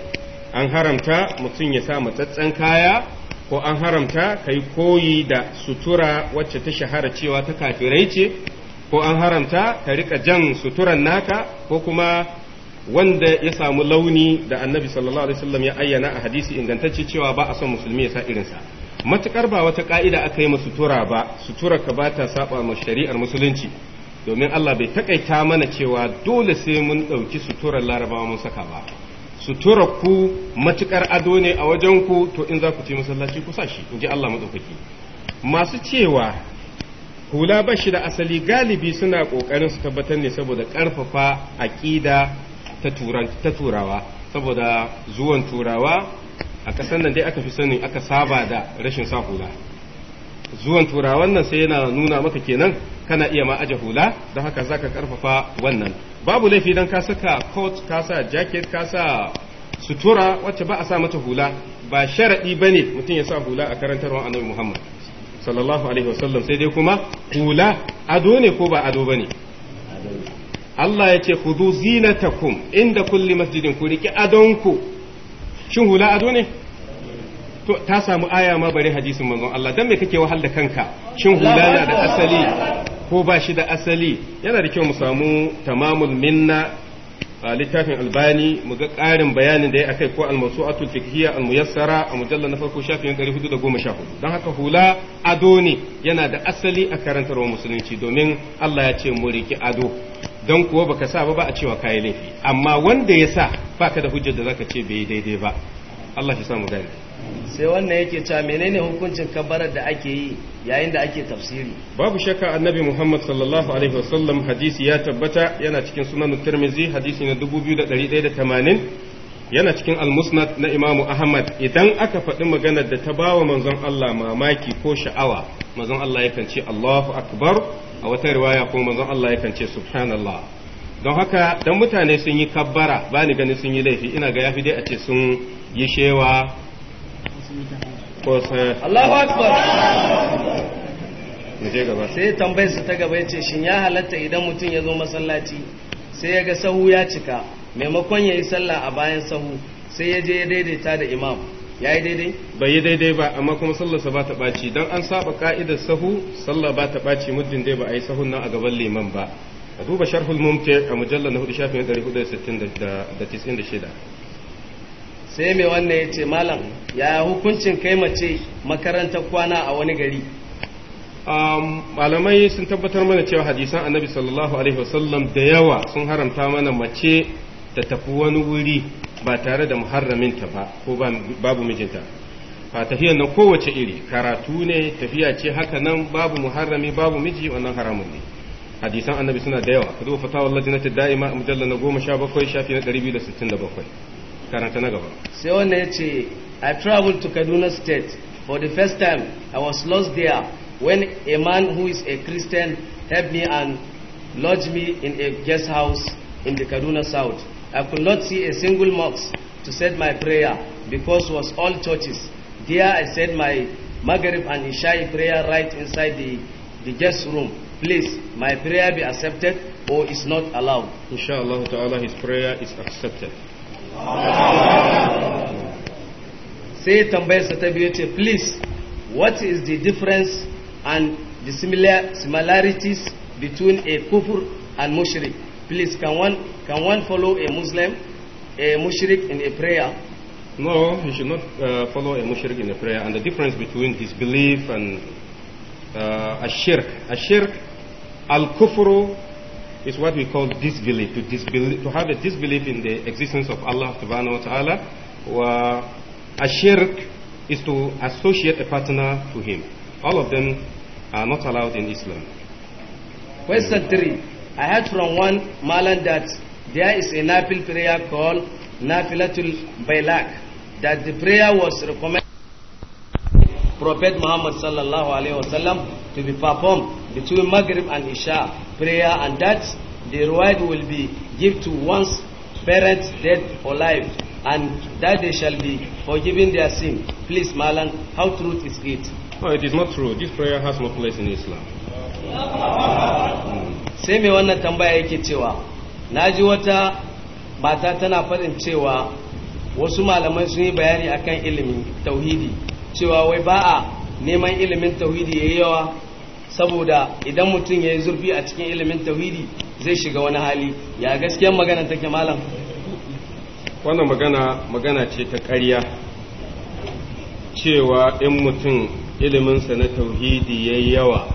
an haramta mutum ya sa matsatsen kaya ko an haramta ka yi koyi da sutura wacce ta shahara cewa ta kafirai ce ko an haramta ka rika jan suturan naka ko kuma wanda ya samu launi da annabi sallallahu alaihi wasallam ya ayyana a hadisi ingantacce cewa ba a son musulmi ya sa irinsa matukar ba wata ka'ida aka yi ma sutura ba sutura ka ba ta saba ma shari'ar musulunci domin Allah bai takaita mana cewa dole sai mun ɗauki suturar larabawa mun saka ba sutura ku matukar ado ne a wajen ku to in za ku ce masallaci ku sashi shi in ji Allah madaukaki masu cewa hula ba shi da asali galibi suna ƙoƙarin su tabbatar ne saboda ƙarfafa aƙida ta turawa saboda zuwan turawa a ƙasar nan dai aka fi sanin aka saba da rashin sa hula zuwan turawan nan sai yana nuna maka kenan kana iya ma aje hula don haka zaka karfafa wannan babu laifi dan ka saka coat ka sa jacket ka sa sutura wacce ba a sa mata hula ba ba ne mutum ya sa hula a karantarwar annabi Muhammad sallallahu alaihi wasallam sai dai kuma hula ado ne ko ba ado ne. Allah ya ce khudhu zinatakum inda kulli masjidin ku riki adonku shin hula ado ne to ta samu aya ma bare hadisin manzon Allah dan me kake wahal da kanka shin hula na da asali ko ba shi da asali yana da kyau mu samu tamamul minna a littafin albani mu ga ƙarin bayanin da ya akai ko almasu'atul fiqhiyya almuyassara a mujalla na farko shafin hudu don haka hula ado ne yana da asali a karantarwa musulunci domin Allah ya ce mu riki ado don kuwa baka sa ba ba a cewa kayi laifi amma wanda ya sa baka da hujjar da zaka ce bai daidai ba Allah sa mu gani sai wannan yake cewa menene hukuncin kabarar da ake yi yayin da ake tafsiri babu shakka annabi Muhammad sallallahu alaihi wasallam hadisi ya tabbata yana cikin sunan tirmizi hadisi na 2180 yana cikin almusnad na imamu Ahmad idan aka faɗi maganar da ta bawa manzon Allah mamaki ko sha'awa manzon Allah yakan ce Allahu akbar a wata riwaya ko manzon Allah yakan ce subhanallah don haka dan mutane sun yi kabbara ba ni ganin sun yi laifi ina ga yafi dai a ce sun yi shewa Allahu akbar gaba sai tambayar su ta gaba yace shin ya halatta idan mutum ya zo masallaci sai ya ga sahu ya cika maimakon ya yi sallah a bayan sahu sai ya je ya daidaita da imam ya yi daidai bai yi daidai ba amma kuma sallarsa ba ta ɓaci dan an saba ka'idar sahu sallah ba ta ɓaci muddin dai ba a yi sahun nan a gaban liman ba a duba sharhul mumti a mujallar na hudu shafin 466 sai mai wannan ya ce malam ya hukuncin kai mace makarantar kwana a wani gari malamai sun tabbatar mana cewa hadisan annabi sallallahu alaihi wasallam da yawa sun haramta mana mace ta tafi wani wuri ba tare da muharraminta ba ko babu mijinta ba tafiyar nan kowace iri karatu ne tafiya ce haka nan babu muharrami babu miji wannan haramun ne hadisan annabi suna da yawa ka zo fatawar lajnatul da'ima mujallal na 17 shafi na 267 karanta na gaba sai wanda ya ce i traveled to kaduna state for the first time i was lost there when a man who is a christian helped me and lodged me in a guest house in the kaduna south i could not see a single mosque to set my prayer because it was all churches there i said my maghrib and isha prayer right inside the the guest room please my prayer be accepted or is not allowed inshallah his prayer is accepted Say tambayar sa ta please what is the difference and the similar similarities between a kufur and mushrik please can one can one follow a muslim a mushrik in a prayer no he should not uh, follow a mushrik in a prayer and the difference between his belief and uh, a shirk a shirk al kufru is what we call disbelief, to, disbelief, to have a disbelief in the existence of Allah subhanahu wa ta'ala. Wa ashirk is to associate a partner to him. All of them are not allowed in Islam. Question three I heard from one malan that there is a Nafil prayer called Nafilatul Bailak, that the prayer was recommended Prophet Muhammad sallallahu alaihi wasallam to be performed between Maghrib and Isha prayer and that the reward will be give to one's parents dead or alive and that they shall be forgiven their sin. Please Malan, how truth is it? No, oh, it is not true. This prayer has no place in Islam. Hmm. Sai mai wannan tambaya yake cewa na ji wata mata tana faɗin cewa wasu malamai sun yi bayani akan ilimin tauhidi cewa wai ba a neman ilimin tauhidi yayi yawa saboda idan mutum ya yi zurfi a cikin ilimin tauhidi zai shiga wani hali ya gaskiyar magana take malam wannan magana magana ce ta ƙarya cewa in mutum iliminsa na tauhidi yayi yawa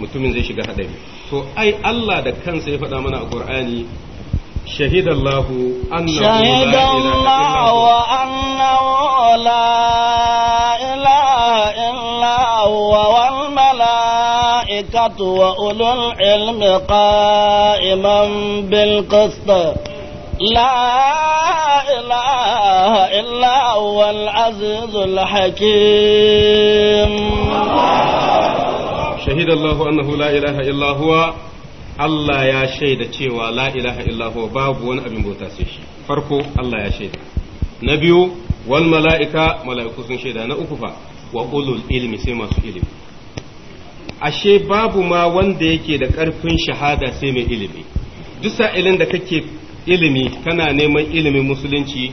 mutumin zai shiga haɗari to ai Allah da kansa ya faɗa mana a Qur'ani شهد الله أنه شهد الله لا إله إلا هو والملائكة وأولو العلم قائما بالقسط لا إله إلا هو العزيز الحكيم شهد الله أنه لا إله إلا هو Allah ya shaida cewa la ilaha illahu babu wani abin bauta sai shi farko Allah ya shaida na biyu wal mala'ika mala'iku sun shaida na uku fa wa ulul ilmi sai masu ilimi ashe babu ma wanda yake da karfin shahada sai mai ilimi duk sa'ilin da kake ilimi kana neman ilimin musulunci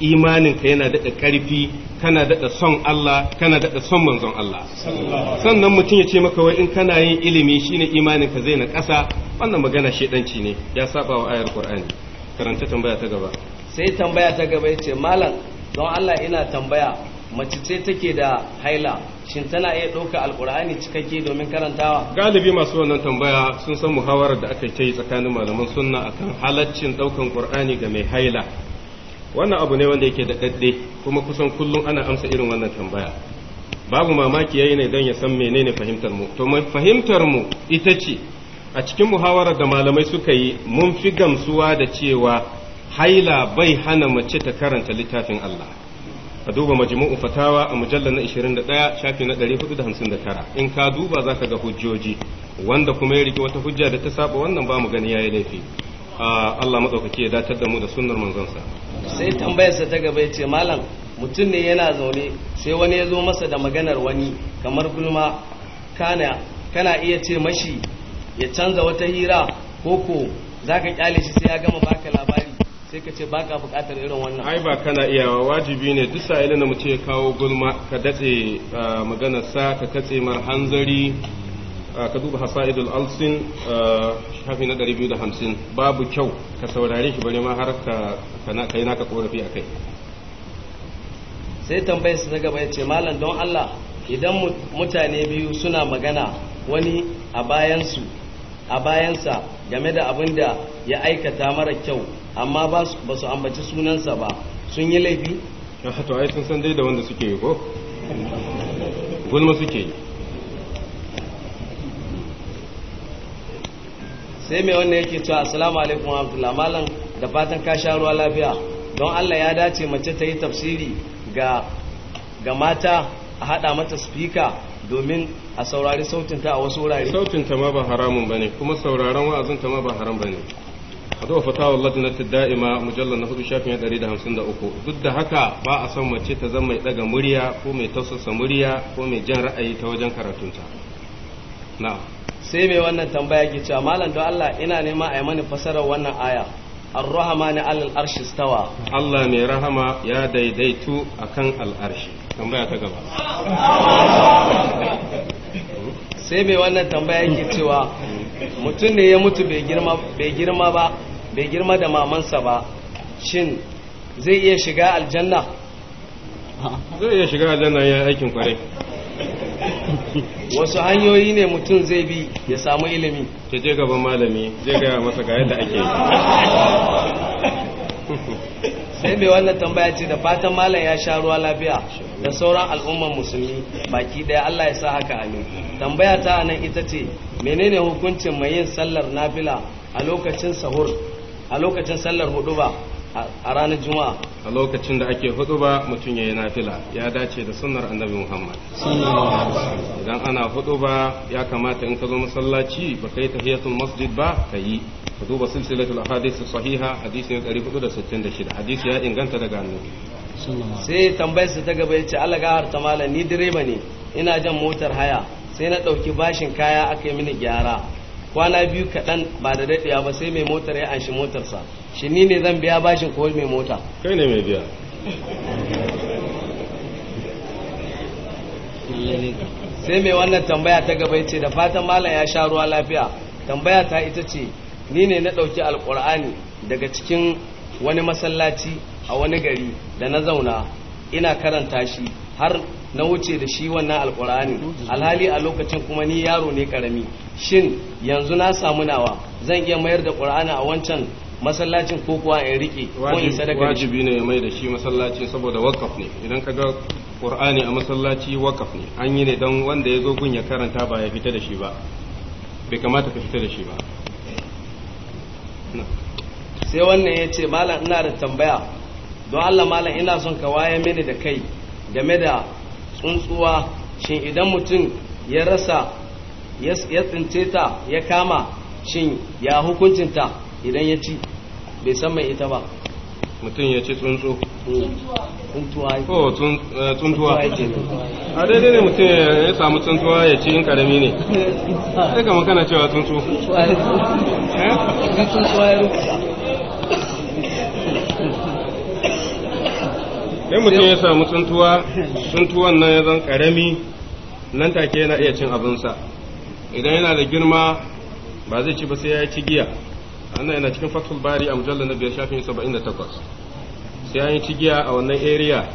imaninka yana daɗa ƙarfi kana daɗa son Allah kana daɗa son manzon Allah sannan mutum ya ce maka wai in kana yin ilimi shine imaninka zai na ƙasa wannan magana shedanci ne ya saba wa ayar Qur'ani karanta tambaya ta gaba sai tambaya ta gaba yace malam don Allah ina tambaya mace ce take da haila shin tana iya ɗauka alkur'ani cikakke domin karantawa galibi masu wannan tambaya sun san muhawarar da aka yi tsakanin malaman sunna akan halaccin ɗaukan qur'ani ga mai haila wannan abu ne wanda yake da kuma kusan kullum ana amsa irin wannan tambaya babu mamaki yayi ne don ya san menene fahimtar mu to mai fahimtar mu ita ce a cikin muhawarar da malamai suka yi mun fi gamsuwa da cewa haila bai hana mace ta karanta littafin Allah a duba majmu'u fatawa a mujallar na 21 shafi na 459 in ka duba zaka ga hujjoji wanda kuma ya rike wata hujja da ta saba wannan ba mu gani yayi laifi ah, Allah madaukake ya datar da mu da sunnar manzonsa. sai tambayarsa ta gaba ya ce malam mutum ne yana zaune sai wani ya zo masa da maganar wani kamar gulma kana iya ce mashi ya canza wata hira koko za ka kyale shi sai ya gama baka labari sai ka ce baka bukatar irin wannan ai ba kana iyawa wajibi ne duk sa'ilin da mu ya kawo gulma ka datse ah, maganarsa ka katse mar hanzari ka duba hasa'idul alsin shafi na 250 babu kyau ka saurare shi bari ma har ka yi naka korafi a kai sai tambayar su na gaba ya ce malam don Allah idan mutane biyu suna magana wani a bayansu a bayansa game da abin da ya aikata mara kyau amma ba su ambaci sunansa ba sun yi laifi? to ai sun san dai da wanda suke yi ko? gulma suke yi sai mai wannan yake cewa assalamu alaikum wa malam da fatan ka sha ruwa lafiya don Allah ya dace mace ta yi tafsiri ga mata a hada mata speaker domin a saurari sautinta a wasu wurare sautinta ma ba haramun bane kuma sauraron wa'azinta ma ba haram bane hadu fatawa lajnat da'ima mujallal na hudu shafin 153 duk da haka ba a san mace ta zama mai daga murya ko mai tausasa murya ko mai jan ra'ayi ta wajen karatunta na'am sai mai wannan tambaya ke cewa malam don Allah ina nema a yi mani fasarar wannan aya ar-rahman alal arshi stawa Allah mai rahama ya daidaitu akan al'arshi tambaya ta gaba sai mai wannan tambaya ke cewa mutum ne ya mutu bai girma ba bai girma da mamansa ba shin zai iya shiga aljanna zai iya shiga aljanna ya aikin kwarai wasu hanyoyi ne mutum zai bi ya samu ilimi ta je gaban malami zai gaya masa ga yadda ake sai mai wannan tambaya ce da fatan malam ya sha ruwa lafiya da sauran al'ummar musulmi baki daya Allah ya sa haka amin tambaya ta nan ita ce menene hukuncin mai yin sallar nafila a lokacin sahur a lokacin sallar ba a ranar juma'a a lokacin da ake hudu ba mutum ya yi nafila ya dace da sunnar annabi muhammad idan ana hudu ba ya kamata in ka zo masallaci ba kai tahiyatul masjid ba ka yi ka duba silsilatul ahadith sahiha hadisi ne 466 hadisi ya inganta daga annabi sai tambayarsa ta gaba yace Allah gahar ta malam ni direba ne ina jan motar haya sai na ɗauki bashin kaya aka yi mini gyara kwana biyu kaɗan ba da daɗewa ba sai mai motar ya anshi motarsa shi ni ne zan biya bashin ko mai mota kai ne mai biya sai mai wannan tambaya ta gaba ce da fatan malam ya sha ruwa lafiya tambaya ta ita ce ni ne na ɗauki alƙur'ani daga cikin wani masallaci a wani gari da na zauna ina karanta shi har na wuce da shi wannan alkur'ani alhali a lokacin kuma ni yaro ne karami shin yanzu na samu nawa zan iya mayar da ƙur'ani a wancan masallacin ko kuwa in rike ko in sadaka wajibi ne ya mai da shi masallaci saboda wakaf ne idan ka ga qur'ani a masallaci wakaf ne an yi ne don wanda ya zo gun ya karanta ba ya fita da shi ba bai kamata ka fita da shi ba sai wannan ya ce malam ina da tambaya don Allah malam ina son ka waye mini da kai game da tsuntsuwa shin idan mutum ya rasa ya tsince ta ya kama shin ya hukuncinta idan ya ci bai san mai ita ba mutum ya ci tsuntsu tuntuwa oh, eh, a daidai ne mutum ya samu tuntuwa ya ci in karami ne sai kama kana cewa tuntu ya eh? mutum ya samu tuntuwa tuntuwan nan ya zan karami nan take yana iya cin abinsa idan yana da girma ba zai ci ba sai ya ci giya annan yana cikin fathul bari a mujallar na biyar shafin saba'in da takwas sai an yi cigiya a wannan area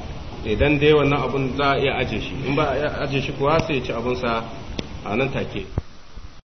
idan dai wannan abun za a iya aje shi in ba a ajiye shi kuwa sai ya ci abunsa a nan take